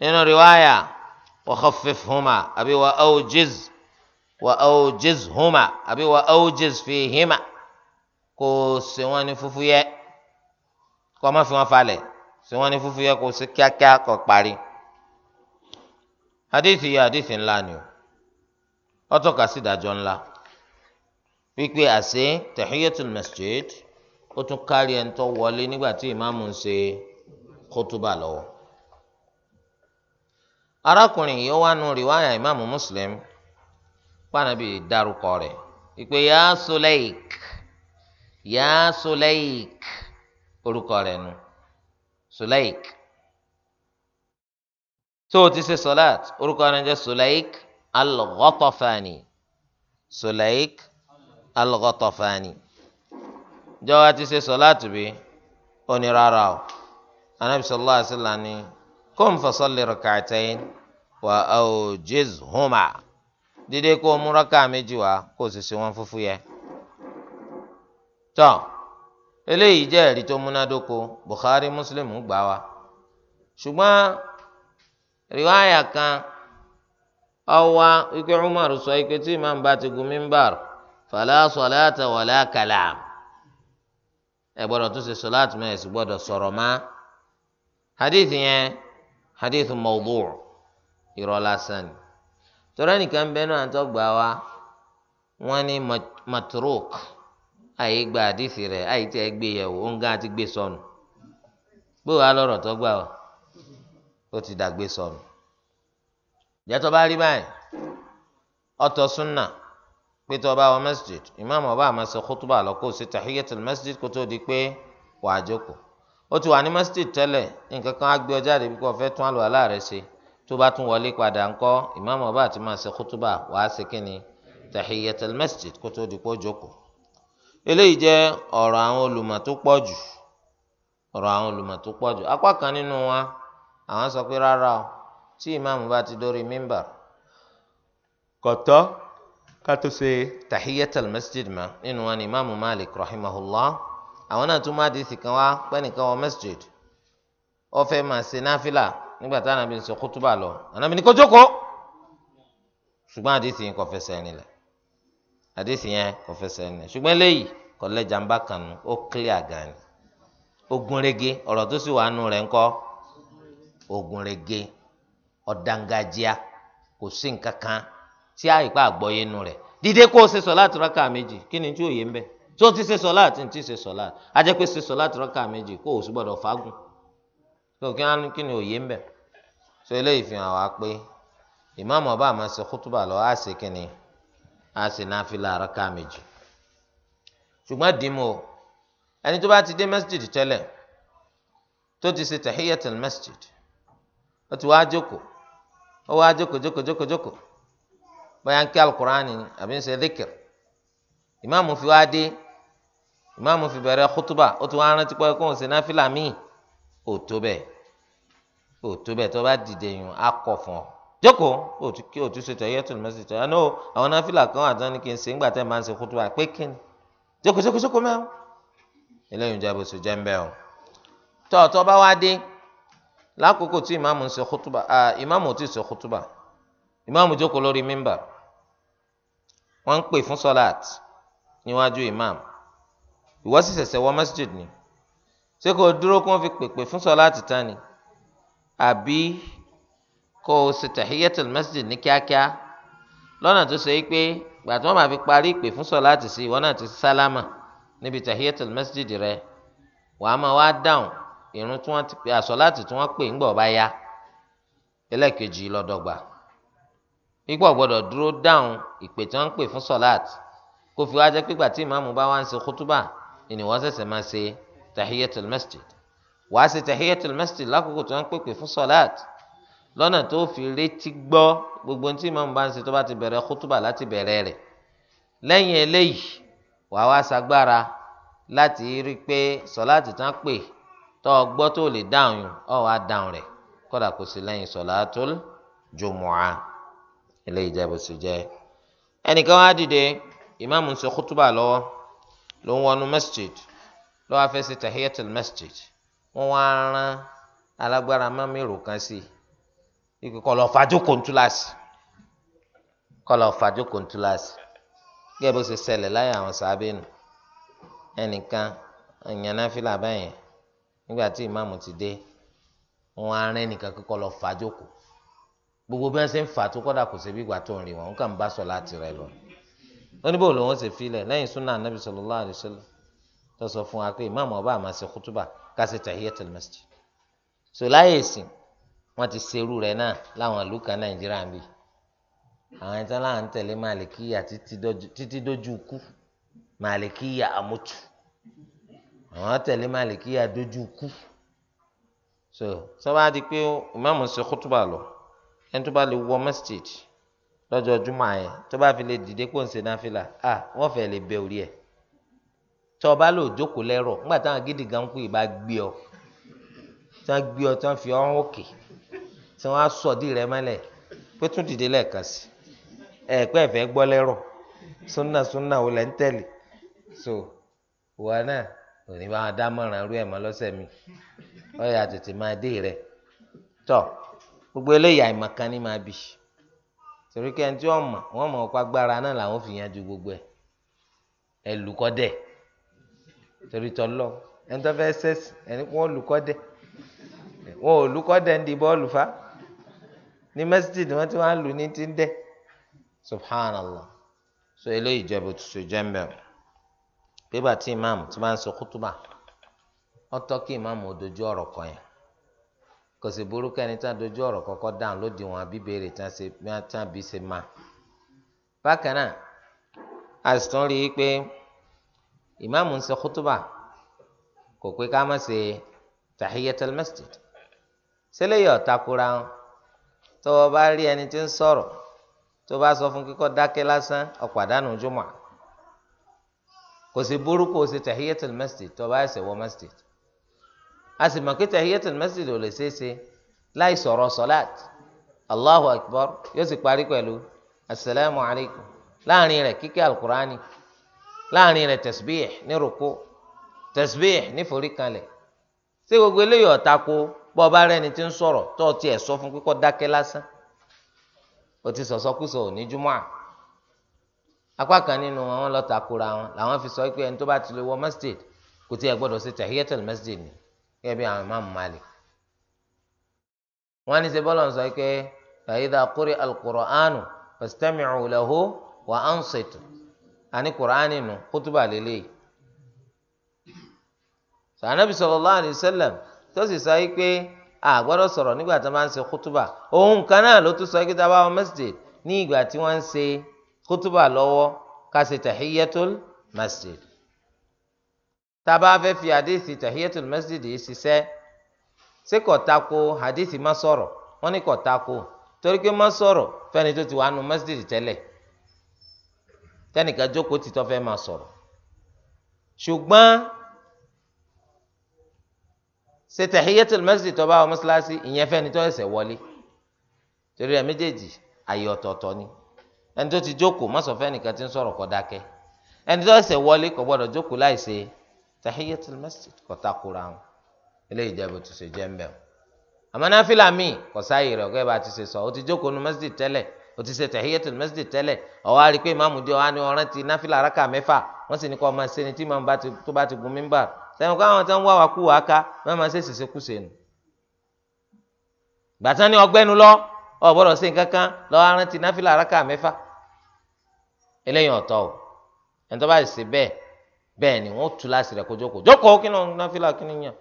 nínú riwaya wa khaffifhuma àbí wa awjiz wa awjizhuma àbí wa awjiz fihima kó o ṣe wọ́n ní fúfúyẹ́ kó o má fi wọ́n falẹ̀ ṣe wọ́n ní fúfúyẹ́ kó o ṣe kíákíá kó o hadithi yìí hadithi ńlá ni o ó tọ́ka sí ńlá wípé àṣẹ tahiyatul masjid ó tún kárí ẹni tó wọlé nígbà tí ìmáàmù ń ṣe kótóbà lọ́wọ́ arákùnrin yìí ó wá nu rìwáyà ìmáàmù Muslim pànàbí dárúkọ rẹ̀ ìpè yá Suleik yá Suleik orúkọ rẹ̀ nu Suleik tó o ti ṣe sọláàt orúkọ rẹ̀ jẹ́ Suleik al-Ghatafani Suleik al-Ghatafani. al ghatafani suleik al jọwọ ti ṣe sọláàtù bí ó ní rárá o anabi sallallahu alaihi wasallam ni kum fasalli rak'atayn wa awjizhuma dídé kó mú rákà méjì wá kó o sì ṣe wọn fúfú yẹ. tọ́ eléyìí jẹ́ ẹ̀rí tó múnádóko Bukhari Muslim gbà wá ṣùgbọ́n riwaya kan ọwa ike Umar sọ ike tí imam ti gun mímbàr fala salata wala kalam ẹ gbọ́dọ̀ tún ṣe sọláàtì mọ́ ẹ sì gbọ́dọ̀ sọ̀rọ̀ má hadith yẹn hadith mawdu' irọ́ lásán ni tọ́lá nìkan bẹ́ẹ̀ náà tó gbà wá wọ́n ní matruk àyè gba hadith rẹ̀ àyè tí ẹ gbé yẹ̀wò ó ń gán àti gbé sọnù gbówó alọ́rọ̀ tó gbà wá ó ti dàgbé sọnù ìyàtọ̀ bá rí báyìí ọ̀tọ̀ súnà pé tó bá wọ masjid imam ọba àmọ́ ṣe khutuba lọ kó o ṣe tahiyatul masjid kó tó di pé wàá jókòó ó ti wà ní masjid tẹ́lẹ̀ nǹkan kan á gbé ọ jáde bí kò fẹ́ tún àlùwàlá rẹ̀ ṣe tó bá tún wọlé padà ńkọ́ imam ọba àti máa ṣe khutuba wàá ṣe kí ni tahiyatul masjid kó di pé ó jókòó eléyìí jẹ́ ọ̀rọ̀ àwọn olùmọ̀ tó pọ̀ jù ọ̀rọ̀ àwọn olùmọ̀ tó pọ̀ jù apá kan nínú wa àwọn sọ pé rárá o tí imam bá ti dórí mímbà kọ̀tọ́ kátó ṣe tahiyatal masjid ma imaamu malik rahimahullah àwọn náà tún máa di sìkan wá masjid máa náfìlà nígbà ń kútúbà lọ ní kó jókòó ṣùgbọ́n àdìsí yẹn kò fẹsẹ̀ ẹni lẹ̀ àdìsí yẹn kò fẹsẹ̀ ẹni lẹ̀ ṣùgbọ́n eléyìí kò lẹ́jà ń bá ó tí àìpá àgbọ́yé nu rẹ̀ dìde kó o ṣe sọ̀láàtì rákà méjì kí ni tí ò yé ń bẹ tí o ti ṣe sọ̀láàtì ti ṣe sọ̀láàtì a jẹ́ pé ṣe sọ̀láàtì rákà méjì kó o sì gbọ́dọ̀ fagùn kí ni ò yé ń bẹ so eléyìí fi hàn wá pé ìmáàmù ọba àmọ́ ṣe kútùbà lọ á ṣe kí ni á ṣe náfìlà rákà méjì ṣùgbọ́n dìímù o ẹni tó bá ti dé masjid tẹ́lẹ̀ tó ti ṣe tahiyatul masjid ó ti wá jókòó ó wá jókòó jókòó jókòó jókòó bóyá ń kí alukur'ani ni àbí ń ṣe dhikr ìmáàmù fi wá dé ìmáàmù fi bẹ̀rẹ̀ kútúbà ó ti wá rántí pé kóun ṣe náfìlà míì ò tó bẹ́ẹ̀ ò tó bẹ́ẹ̀ tó bá dìde yùn á kọ̀ fún ọ jókòó òtún kí òtún ṣètò ẹyẹ tó lè mọ ṣètò àná àwọn náfìlà kan àti wọn ni kí n ṣe ńgbà tẹ máa ń ṣe kútúbà pé kí ni jókòó jókòó jókòó mẹ́wọ́ eléyìí ń jábọ̀ sójà ń bẹ́ ọ tọ́ tọ́ bá wá dé lákòókò tí ìmáàmù ń ṣe ìmáàmù ò tí ì ṣe kútúbà ìmáàmù jókòó lórí mímbà wọ́n ń pè fún sọ́láàt níwájú imam ìwọ sì ṣẹ̀ṣẹ̀ wọ masjid ni ṣé kò dúró kí wọ́n fi pèpè fún sọ́láàt tán ni àbí kò ṣe tahiyatul masjid ní kíákíá lọ́nà tó ṣe pé gbà tí wọ́n máa fi parí ìpè fún sọ́láàt sí ìwọ náà ti sálámà níbi tahiyatul masjid rẹ wàá máa wá dáhùn ìrun tí wọ́n ti pè àsọ̀láàt tí wọ́n pè ńgbọ̀ bá yá ẹlẹ́ẹ̀kejì lọ́dọ̀gba pípọ̀ gbọ́dọ̀ dúró dáhùn ìpè tí wọ́n ń pè fún sọ́láàt kó fi wá jẹ́ pé gbàtí ìmáàmù bá wá ń ṣe kútúbà ni wọ́n ṣẹ̀ṣẹ̀ máa ṣe tahiyatul masjid wàá ṣe tahiyatul masjid lákòókò tí wọ́n ń pèpè fún sọ́láàt lọ́nà tó fi retí gbọ́ gbogbo tí ìmáàmù bá ń ṣe tó bá ti bẹ̀rẹ̀ kútúbà láti bẹ̀rẹ̀ rẹ̀ lẹ́yìn eléyìí wàá wá ṣagbára láti rí i pé sọ́láàtì tán pè tó o gbọ́ tó lè dáhùn ọ̀ wá dáhùn rẹ̀ kódà kò sí lẹ́yìn sọ́láàtul jumu'ah eléyìí jẹ́ bó ṣe jẹ́ ẹnìkan wá dìde ìmáàmù ń ṣe kútúbà lọ́wọ́ ló ń wọnú masjid ló wá fẹ́ ṣe tahiyatul masjid wọ́n wá rán alágbára mọ́mìrò kan sí i kọ́ lọ́ọ́ fàájókòó ntúláàsì kọ́ lọ́ọ́ fàájókòó ntúláàsì gẹ́gẹ́ bó ṣe ṣẹlẹ̀ láyé àwọn sábẹ́nu ẹnìkan ìyànnáfíà báyẹn nígbà tí ìmáàmù ti dé wọ́n á rán ẹnìkan kíkọ́ lọ́ọ́ fàájókòó gbogbo bí wọ́n ṣe ń fà tó kọ́dà kò ṣe bí ìgbà tó ń rìn wọ́n kàn ń bá sọ láti rẹ lọ. ó ní bò lòun ṣe filẹ̀ lẹ́yìn súnà anábì sallallahu alaihi wasallam tó sọ fún wa pé ìmáàmù ọba àmà ṣe kútúbà ká ṣe tahiyatul masjid. sọ láyé ìsìn wọ́n ti ṣerú rẹ̀ náà láwọn ìlú nàìjíríà ń bì àwọn ìtàn láwọn ń tẹ̀lé màlìkíyà títí dójú ikú màlìkíyà àmútù àwọn tẹ̀lé màlìkíyà dójú ikú so sọ́ba di pé ìmáàmù ṣe kútúbà lọ ẹni tó bá lè wọ lọ́jọ́ yẹn tó bá fi lè dìde kó ń ṣe náfìlà à wọ́n fẹ́ lè bẹ orí ẹ̀ tó bá lò jókòó lẹ́rọ̀ nígbà táwọn gidi gan kú ìbá gbé ọ tí wọ́n gbé ọ tí wọ́n fi ọ́ òkè tí wọ́n á sọ rẹ so náà ò ní bá wọn dá rú ẹ̀ mọ́ lọ́sẹ̀ mi ọ̀ yà tètè máa dé gbogbo eléyìí àìmọ̀kan ni máa bì torí kí ẹni tí wọ́n mọ̀ wọ́n mọ̀ ọ̀pá gbára náà làwọn fi yanjú gbogbo ẹ̀ ẹ̀ lùkọ́ dẹ̀ torí tọ́lọ́ ẹni tó fẹ́ sẹ́sì ẹni wọ́n lùkọ́ dẹ̀ wọn ò lùkọ́ dẹ̀ ń di bọ́ọ̀lù fa ní mẹ́sítìdì wọ́n ti wá lù ní ti ń dẹ̀ subhanallah so eléyìí jẹ́ bó ti so jẹ́ ń bẹ̀rù pé bàtí ìmáàmù ti máa ń sọ kútùbà ọ̀tọ́ kí ìmáàmù òdojú ọ̀rọ̀ kan yẹn kò sì burúkú ẹni tá a dojú ọ̀rọ̀ kọ́kọ́ dáhùn lóde wọn àbí béèrè tán ṣe tán bí ṣe máa. bákan náà a sì tún rí i pé ìmáàmù ń ṣe kútúbà kò pé ká má ṣe tahiyatul masjid sílẹ̀ yọ̀ takura wọn tó o bá rí ẹni tí ń sọ̀rọ̀ tó o bá sọ fún kíkọ́ dákẹ́ lásán ọ̀pàdánù jùmọ̀ kò sì burúkú ṣe tahiyatul masjid tó o bá ẹsẹ̀ wọ masjid a sì mọ̀ pé tahiyatul masjid ò lè ṣeé ṣe láì sọ̀rọ̀ sọ́láàt allahu akbar yóò sì parí pẹ̀lú asalaamu alaykum láàrin rẹ̀ kíkẹ́ alukurani láàrin rẹ̀ tasbíyẹ̀ ní ruku tasbíyẹ̀ ní foríkanlẹ̀ ṣé gbogbo eléyìí ọ̀tá kó bọ́ ọba rẹ̀ ni ti ń sọ̀rọ̀ tó ọ tiẹ̀ sọ fún kíkọ́ dákẹ́ lásán o ti sọ̀sọ́kùsọ ò ní júmọ́ à kan nínú wọn lọ́ọ́ takora wọn làwọn fi sọ pé ẹni ti lè wọ masjid kò tiẹ̀ gbọ́dọ̀ ṣe tahiyatul masjid ni gẹ́gẹ́ bí àwọn imáàmù Malik wọ́n ní ṣe bọ́lá ń sọ pé fàyídà kúrì alukùránù fastami'u lahu wa ansitu àní kùránì nù kútùbà lélẹ̀ sànàbì sallallahu alaihi wasallam tó sì sọ pé a gbọ́dọ̀ sọ̀rọ̀ nígbà tó máa ń ṣe kútùbà òun kan náà ló tún sọ pé tábà wọn masjid ní ìgbà tí wọ́n ń ṣe kútùbà lọ́wọ́ ká ṣe tahiyatul tá a bá fẹ́ fi hadisi tahiyatul masjid yìí ṣiṣẹ́ ṣé kò tako hadisi má sọ̀rọ̀ wọ́n ní kò tako torí pé má sọ̀rọ̀ fẹ́ni tó ti wà nù masjid tẹ́lẹ̀ tẹ́nìkan jókòó títọ́ fẹ́ máa sọ̀rọ̀ ṣùgbọ́n ṣe tahiyatul masjid tó bá wọ mọ́ṣáláṣí ìyẹn fẹ́ni tó ẹ̀sẹ̀ wọlé torí ẹ̀ méjèèjì àyè ọ̀tọ̀ọ̀tọ̀ ni ẹni ti jókòó má sọ fẹ́nìkan tí ń sọ̀rọ̀ kó dákẹ́ ẹni tó ẹ̀sẹ̀ wọlé kò tahiyatul masjid kò takora wọn eléyìí jẹ́ bó ti ṣe jẹ́ ń bẹ̀ wọn. àmọ́ náfìlà míì kò sáàyè rẹ̀ ọ̀gá ẹ̀ bá ti ṣe sọ ó ti jókòó nu masjid tẹ́lẹ̀ ó ti ṣe tahiyatul masjid tẹ́lẹ̀ ọ̀wá rí i pé ìmáàmù dé ọ̀hán ni ọ̀rán ti náfìlà rákà mẹ́fà wọ́n sì ní kọ́ ọmọ sẹ́ni tí màmú tó bá ti gun mímbà sẹ́yìn kó àwọn tó ń wá wa kú wàá ká wọ́n máa ṣe ṣèṣe kú sẹ́nu. bàtà ni ọgbẹ́nu lọ ọ̀ gbọ́dọ̀ sí nǹkan kan lọ́wọ́ rántí náfìlà rákà mẹ́fà eléyìí ọ̀tọ̀ o ẹni tó bá ṣe bẹ́ẹ̀ bẹ́ẹ̀ ni wọ́n tú láti rẹ̀ kó jókòó jókòó kí náà náfìlà kí nìyẹn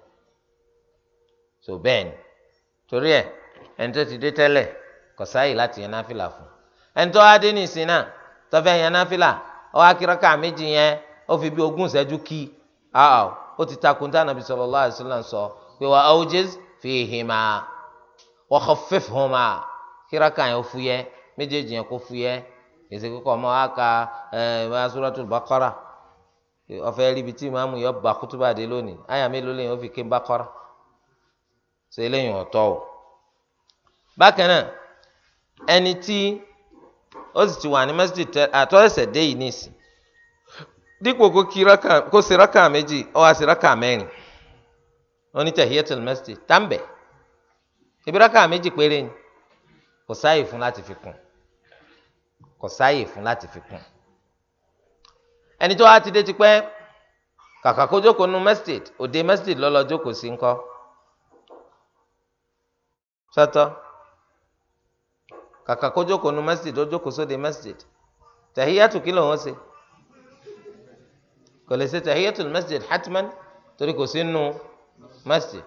so bẹ́ẹ̀ ni torí ẹ̀ ẹni tó ti dé tẹ́lẹ̀ kò sáàyè láti yan náfìlà fún ẹni tó adé nìsín náà tó fẹ́ yan náfìlà ó wá kíráka méjì yẹn ó fi bí ogún ìṣẹ́jú kí ó ti takùn tí Ànábì sallallahu alaihi wasallam sọ pé wa awjiz fihima wa khaffifhuma kíráka yẹn ó fúyẹ́ méjèèjì yẹn kó fúyẹ́ èsì kíkọ́ ọmọ wa ka ẹ̀ eh, Suratul Baqara. ọfẹ ríbi tí ìmáàmù yọ bá kútúbà dé lónìí àyà mélòó lẹ́yìn ó fi ké bá kọrọ ṣe eléyìí ọ̀tọ̀ o bákan náà ẹni tí ó sì ti wà ní mẹsìtì àtọ ẹsẹ dé yìí nìsí dípò kó kí rákà kó ṣe rákà méjì ó wá ṣe rákà mẹ́rin onítẹ̀híẹ́tìl mẹsìtì tàǹbẹ̀ ibi rákà méjì péré ni kò sáàyè fún láti fi kún kò sáàyè fún láti fi kún. ẹni tó wá ti dé tipẹ́ kàkà kó jókòó nu masjid òde masjid lọ́lọ́ jókòó sí ńkọ́ sọ́tọ́ kàkà kó jókòó nu masjid ó jókòó sóde masjid tahiyatu kí lòun ó ṣe kò lè ṣe tahiyatu masjid hatman torí kò sí nu masjid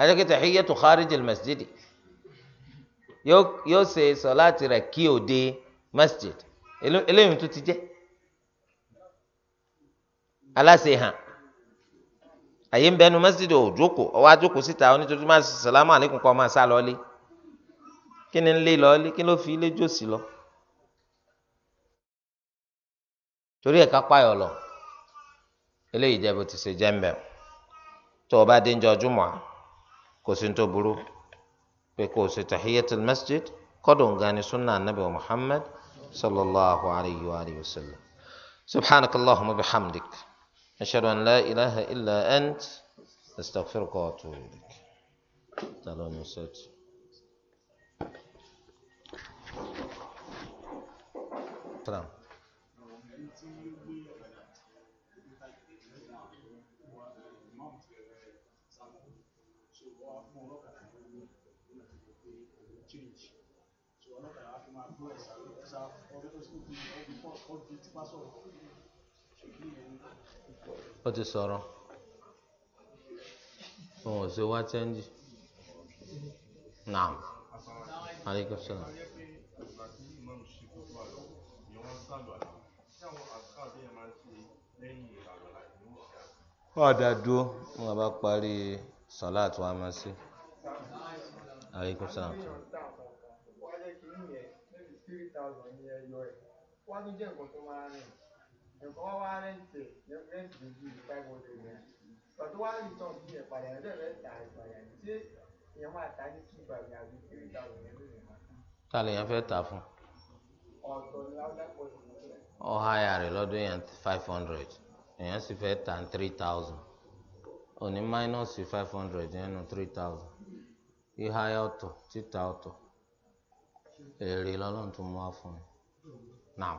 adéke tahiyatu kharij masjid yóò ṣe sọ láti rẹ̀ kí òde masjid eléyìí tó ti jẹ́ aláṣẹ hàn àyè ń bẹnu mẹsídìí òjòkó ọwọ àjòkó síta onítorí máa ṣe sàlámù àlékún kọ máa sá lọlé kí ni ń lé lọlé kí ló fi ilé jòsì lọ torí ẹ̀ka payọ lọ eléyìí jẹ bó ti ṣe jẹ ń bẹ tó o bá dé ń jọ ọjúmọ kò sí tó burú pé kò sí tahiyatul masjid kọdùn ganin sunna anabi muhammad sallallahu alayhi wa sallam subhanakallahumma bihamdik. أشهد أن لا إله إلا أنت أستغفرك وأتوب إليك تعالوا نسات سلام Change. So, I'm not going to have to do it. So, I'm going to have to do it. ó ti sọ̀rọ̀ òun ò ṣe wá chẹ́ńjì naam aleykum salaam. ọ̀dà dúró wọn bá parí sọ̀lá àtúwá máa ṣe aleykum salaam tún jẹ́ nǹkan tó máa rìn nǹkan wá wá rẹ́ǹtì rẹ́ǹtì méjì five hundred naira ìgbà tó wá return bí ẹ̀ padà ẹ̀ lẹ́rẹ́ ta ìpàdà tí èèyàn máa ta ní two by ní àbí three thousand ẹ̀ lónìí máa. ta lè fẹ́ tà fún. ọ̀tọ̀ ni láwùjá pọ̀ jù lọ. ọ háyà rẹ lọ́dún yẹn five hundred èèyàn sì fẹ́ tà ní three thousand òní máínọ́ọ̀sì five hundred yẹn nu three thousand ìháyà ọ̀tọ̀ títà ọ̀tọ̀ èrè lọ́lọ́run tó mú wá fún mi. Now.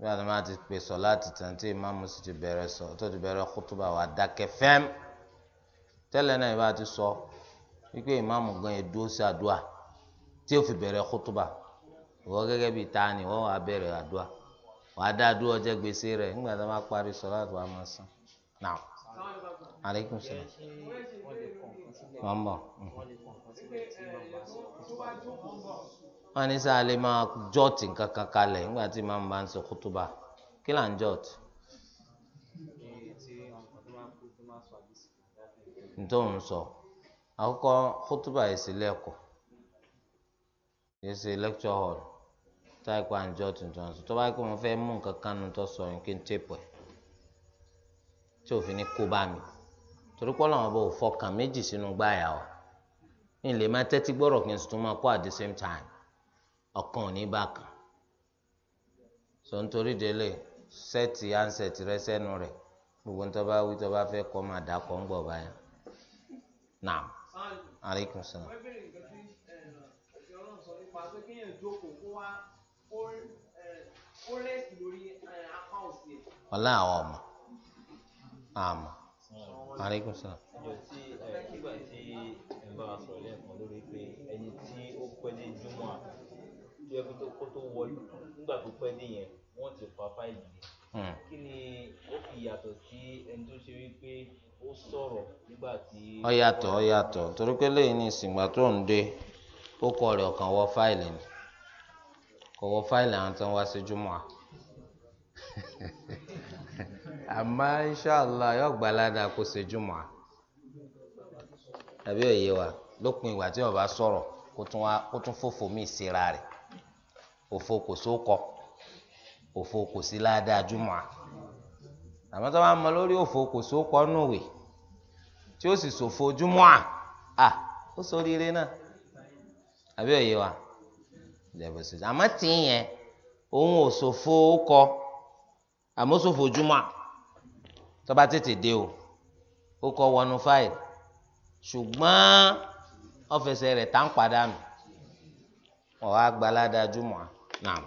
bí a ti máa ti pè sọ láti tẹ̀ǹtì ìmáàmù sì ti bẹ̀rẹ̀ sọ tó ti bẹ̀rẹ̀ kútúbà wà dákẹ́ fẹ́m tẹ́lẹ̀ náà ìbá ti sọ wípé ìmáàmù gan yẹn dúró sí àdúà tí ó fi bẹ̀rẹ̀ kútúbà ìwọ gẹ́gẹ́ bíi ta ni wọ́n wàá bẹ̀rẹ̀ àdúà wàá dá dúró ọjọ́ gbèsè rẹ̀ nígbà tó bá parí sọ láti wàá máa san náà aleykum salaam mọ̀ mọ̀ wọn ní sáà lè máa jọ́ọ̀tì nǹkan kan kalẹ̀ nígbà tí màmú bá ń sọ kútúbà kí là ń jọ́ọ̀tì. tó ń sọ àkọ́kọ́ kútúbà yìí sí lẹ́kọ̀ọ́ yìí sí lecture hall táyì pa ń jọ́ọ̀tì tó ń sọ tó bá yẹ kó mo fẹ́ mú nǹkan kan nu tó sọ yìí kí n tèpọ̀ ẹ̀ tí òfin ní kó bá mi torí pọ́ làwọn bò fọkàn méjì sínú gbáyà wa ní tẹ́tí gbọ́rọ̀ kí n sì tún máa kó at the same time ọ̀kan ò ní bá kan sọ nítorí délé sẹ́ẹ̀tì ánsẹ̀tì rẹ sẹ́nu rẹ̀ gbogbo nítorí bá wí tó bá fẹ́ kọ́ máa dà kọ́ ń gbọ̀ báyà naam aleykum salaam. ọ̀la àwọn ọmọ àmọ́ aleykum salaam. ọjọ́ tí ẹ̀ nígbà tí ẹ̀ bá wa sọ̀rọ̀ lẹ́ẹ̀kan lórí pé ẹni tí ó pẹ́ dé júmọ́ àti yẹ kó tó kó tó wọlé nígbà tó pẹ́ dé yẹn wọ́n ti pa fáìlì yẹn. Hmm. kí ni ó fi yàtọ̀ sí ẹni tó ṣe wípé ó sọ̀rọ̀ nígbà tí. ó yàtọ̀ ó yàtọ̀ torí pé lẹ́yìn ní ìsìngbà tó ń dé ó kọ rẹ̀ ọ̀kan wọ fáìlì ni kò wọ fáìlì àwọn tó ń wá sí júmọ́ à àmọ́ inṣàlá yóò gbà ládàá kó ṣe júmọ́ à àbí òye wa lópin ìgbà tí ó sọ̀rọ̀ kó tún fòfò mí ìsira rẹ̀ òfo kò sókọ òfo kò sí ládàá jùmọ̀ àmọ́ tó bá mọ lórí òfo kò sókọ nùwè tí ó sì sòfo jùmọ̀ à ó sóríire náà àbí òye wa ìjẹ́bùsùn àmọ́ tì í yẹn òun ò sòfo kọ àmọ́ sòfo jùmọ̀ tó bá tètè dé o ó kọ wọnú fáìlì ṣùgbọ́n ọ̀fẹsẹ̀ rẹ̀ tá ń padànù ọ̀hà gbalada jùmọ̀ à. naam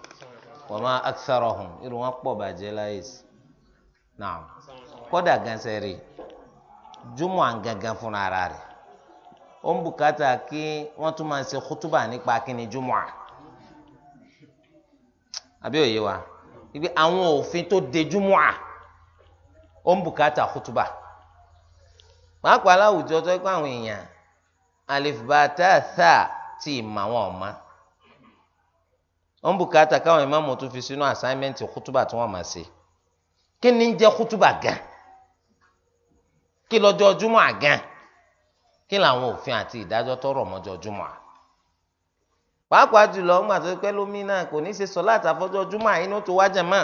wọ́n máa aksarahum irun wọn pọ̀ bàjẹ́ láyé naam rè àǹgangan ara rẹ̀ ó ń bùkátà kí wọn tún máa ṣe kútúbà nípa kíni júmọ̀ à àbí òye ibi àwọn òfin tó de júmọ̀ à ó ń bùkátà kútúbà pàápàá láwùjọ tó ń pa àwọn alif tá a sá tí ì wọn bùkátà káwọn ìmáàmù tún fi sínú assignment kútúbà tí wọn máa ṣe kí ni ń jẹ kútúbà gan kí lọ́jọ́ júmọ̀ àgàn kí làwọn òfin àti ìdájọ́ tó rọ̀ mọ́jọ́ à pàápàá jùlọ ńgbà tó pẹ́ lómi náà kò ní í ṣe sọ láti àfọ́jọ́ àyínú tó wájà mọ́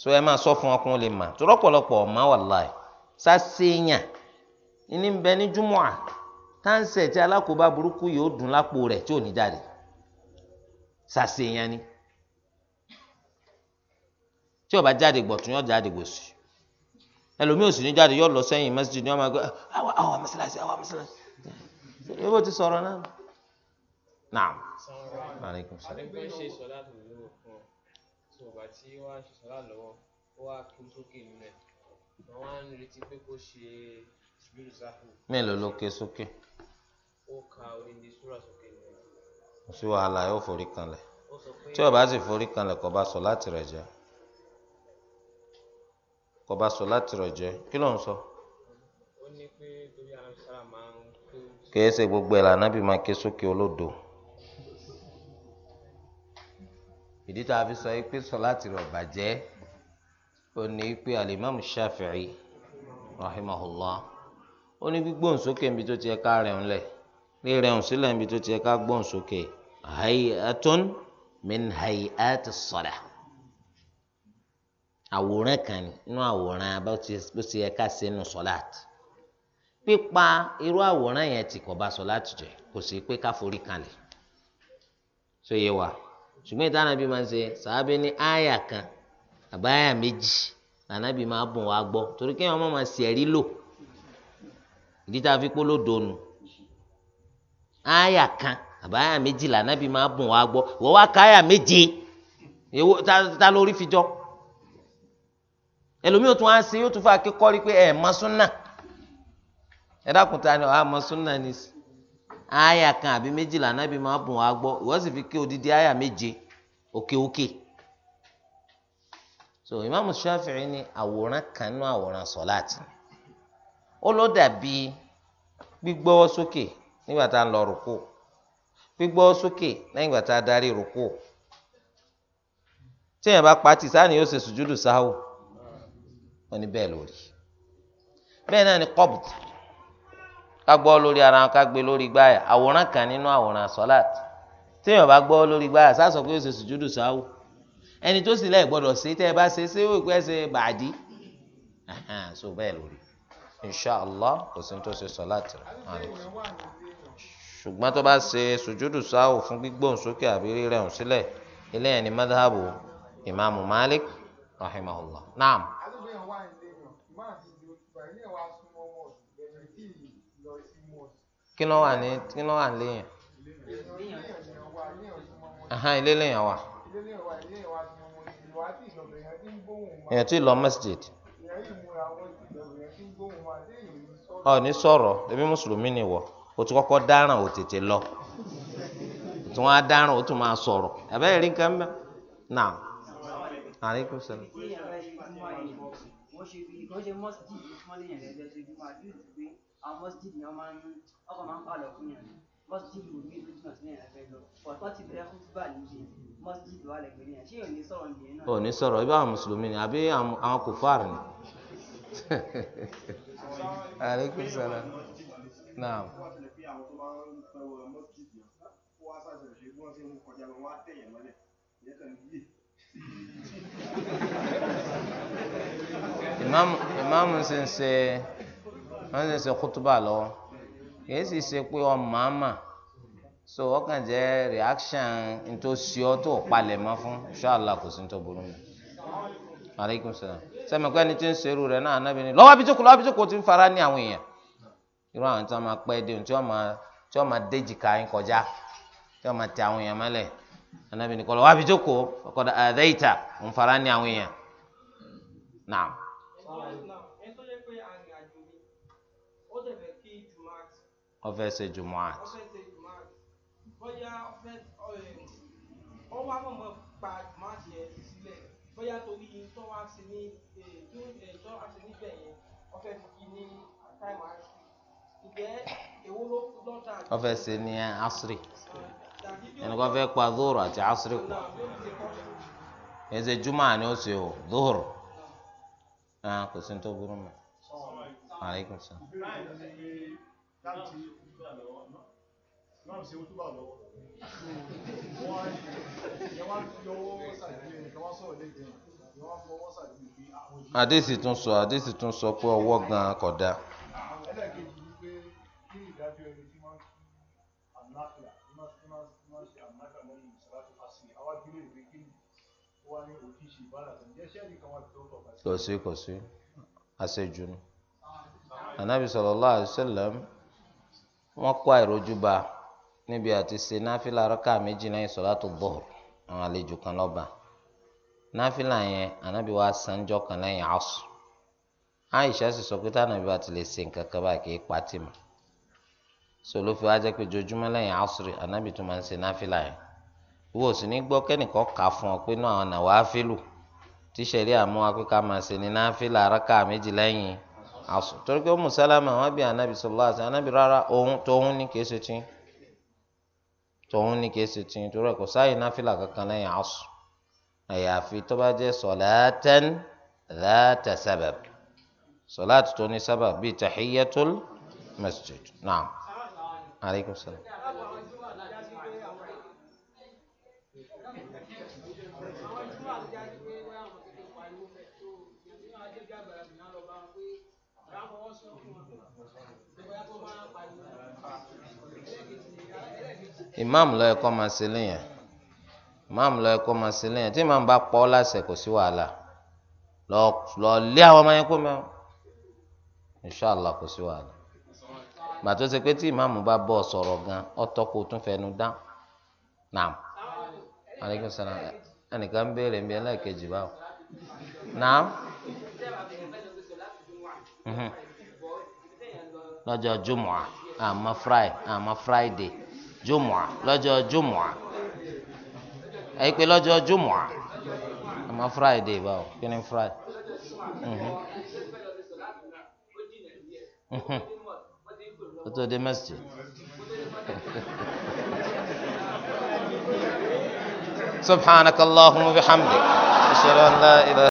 so ẹ máa sọ fún ọkùnrin lè mà tó rọ́pọ̀lọpọ̀ ọ̀ma wàláì sáṣẹ́yàn ní bẹ ní júmọ̀ à táǹsẹ̀ tí alákòóbá burúkú yìí ó dùn lápò rẹ̀ tí ò ní jáde ṣàṣeyàn ni tí ó bá jáde gbọ̀tún yóò jáde gbòsì ẹlòmíì ò sì ní jáde yóò lọ sẹ́yìn mẹ́sìtì ni wọ́n máa gbé àwọn àwọn mẹ́sàlásì àwọn mẹ́sàlásì ebi o ti sọ̀rọ̀ náà naam maaleykum salaam. àdégbé ṣe sọlá o bá mélòó ló ké sókè kò sí wàhálà yóò forí kanlẹ̀ tí ó bá sì forí kanlẹ̀ kò bá sọ̀láàtì rẹ̀ jẹ́ kò bá sọ̀láàtì rẹ̀ jẹ́ kí ló ń sọ. kìí ṣe gbogbo ẹ̀ lànàbì máa ké sókè olódo ìdí tá a fi sọ yìí pé sọ̀láàtì rẹ̀ bàjẹ́ ó ní pé alimami shafi'i rahimahullah ó ní gbígbóhùn sókè níbi tó ti ẹ ká rẹ̀ ńlẹ̀ rírẹ̀ ń sílẹ̀ níbi tó ti ẹ ká gbóhùn sókè hayatun min hayati sọlá àwòrán kan ní inú àwòrán bó ti yẹ ká ṣe nu sọláàt pípa irú àwòrán yẹn ti kò bà sọláàt jẹ́ kò sí pé ká forí kanlẹ̀ ṣó yé wa ṣùgbọ́n ìtànà bí máa ń ṣe sàábé ní àyà kan àbá àyà méjì lànàbí máa bùn wá gbọ́ torí kéèyàn ọmọ máa ṣe ẹ̀rí lò ìdí tá a fi kó ló donu àyà kan àbáyà méjì lànàbí máa bùn wá gbọ́ wọ́n wá káyà méje èwo ta ta lórí fi jọ ẹlòmíràn tún á ṣe yóò tún fà kíkọ́rí pé ẹ̀ mọ súnà ẹ dákun ta ni ọ̀ á mọ súnà ni àyà kan àbí méjì lànàbí máa bùn wá gbọ́ ìwọ́n sì fi ké odidi àyà méje òkèòkè so ìmáàmù Shafi'i ni àwòrán kan àwòrán sọ̀láàtì ó ló dàbí gbígbọ́wọ́ sókè nígbà tá à lọ rùkú gbígbọ́ sókè lẹ́yìn ìgbà tá a darí rúkú tíyẹn bá pati sáàni yóò ṣe sùjúdù sáwò wọn ni bẹ́ẹ̀ lórí bẹ́ẹ̀ náà ni kọ́bùt ká gbọ́ lórí ara wọn ká gbé lórí gbáyà àwòrán kan nínú àwòrán sọ́láàt tíyẹn bá gbọ́ lórí gbáyà sásọ pé yóò ṣe sùjúdù sáwò ẹni tó sì lẹ́ẹ̀ gbọ́dọ̀ ṣe tẹ́ ẹ bá ṣe ṣé wípé ẹ ṣe bàdí so bẹ́ẹ̀ lórí inṣàlá kò sí ní tó ṣe sọ́láàt rẹ̀ ṣùgbọ́n tó bá ṣe sùjúdù sáwò fún gbígbóhùn sókè àbí rírẹ̀ hùn sílẹ̀ eléyàn ni madhabu imaamu malik rahimahullah naam. kí ló wà ní kí ló wà ní léyìn ahan ilé léyìn wa èèyàn tí lọ masjid ọ ní sọ̀rọ̀ ẹbí mùsùlùmí ni wọ. o ti kọ́kọ́ dáràn o lọ o tún wá dáràn o tún máa sọ̀rọ̀ àbẹ́rẹ́ rí nǹkan mẹ́ náà àríkùn sọ̀rọ̀ wọ́n ṣe Ha Naam. ìmáàmù ìmáàmù ṣe ń ṣe wọ́n ṣe ń ṣe kútúbà lọ́wọ́ kìí sì ṣe pé ọ màmá so ọkàn jẹ́ reaction ntòsí ọ tó palẹ̀ mọ́ fún ṣáàlà kò sí ní tó burú mi aleykum salaam sẹ́mi pé ẹni tí ń ṣerú rẹ̀ náà anábìíní lọ́wọ́ abijókòó lọ́wọ́ abijókòó ti ń fara ní àwọn èèyàn irú àwọn tí wọ́n máa pẹ́ dé tí wọ́n máa tí wọ́n máa déjìká yín kọjá tí wọ́n máa tẹ àwọn èèyàn mọ́lẹ̀ anabi nìkan lọ wá bí jókòó ọkọ àdéhìtà nfara ní àwọn èèyàn náà. ọfẹ ṣe jùmọ àt. bóyá ọfẹ ọ wá mọ̀mọ́ pa jùmọ àti ẹ̀ sílẹ̀ bóyá torí tó wá sí ní ọfẹ eh, eh, fi ní táìmù àti. wọ́n fẹ́ ṣe ní asiri ẹnìkan fẹ́ pa zuhur asiri juma ni o zuhur ah kò sí ní tó burú mọ́ aleykum salaam. àdéhìí tún kò sí kò sí àṣejù ni anabi sallallahu alaihi wasallam wọ́n kó àìrójú bá níbi àti ṣe náfìlà rákà méjì lẹ́yìn sọlátù bọọlù àwọn àlejò kan lọba náfìlà yẹn anabi wa sanjọ kan lẹ́yìn asù Aisha sì sọ pé tànàbí bá ti lè ṣe nǹkan kan báyìí kì í pa tì mọ́ sọlọ́fẹ́ wa jẹ́ pé jojúmọ́ lẹ́yìn asù anabi tó máa ń ṣe náfìlà yẹn wo sì ní gbọ́ kẹ́nìkan kà fún ọ pé náà àwọn nàwa fílù tíṣẹ̀rí àmọ́ akpẹ́ká máa ṣe ní náfìlà araka méjì lẹ́yìn àṣù torí pé mùsálàmà wọn bí anabi sọlá àti anabi rárá òun tóun ní kìí ṣe tí tóun ní kìí ṣe tí torí ẹ kò sáyé náfìlà kankan lẹ́yìn àṣù àyàfi tó bá jẹ́ sọ̀látẹ́n láta sábàb sọ̀látì tó ní sábàb bíi tahiyatul masjid naam aleykum salaam. Imam ló yẹ kó máa ṣe léyìn ìmáàmù ló yẹ ṣe tí bá kò sí wàhálà lọ lé àwọn ọmọ yẹn kó inshàlá kò sí wàhálà ṣe pé tí bá sọ̀rọ̀ gan ọ̀tọ̀ kò tún fẹnu dán naam aleykum salaam ẹnìkan béèrè mi ẹlẹ́ẹ̀kejì báwo naam mhm. lọ́jọ́ jùmọ̀ jumua lọjọ jumua ẹyí pé lọjọ jumua ọmọ friday bá o kí ni friday. o mhm. tó de mẹsìtì subhanakallahu muhammed.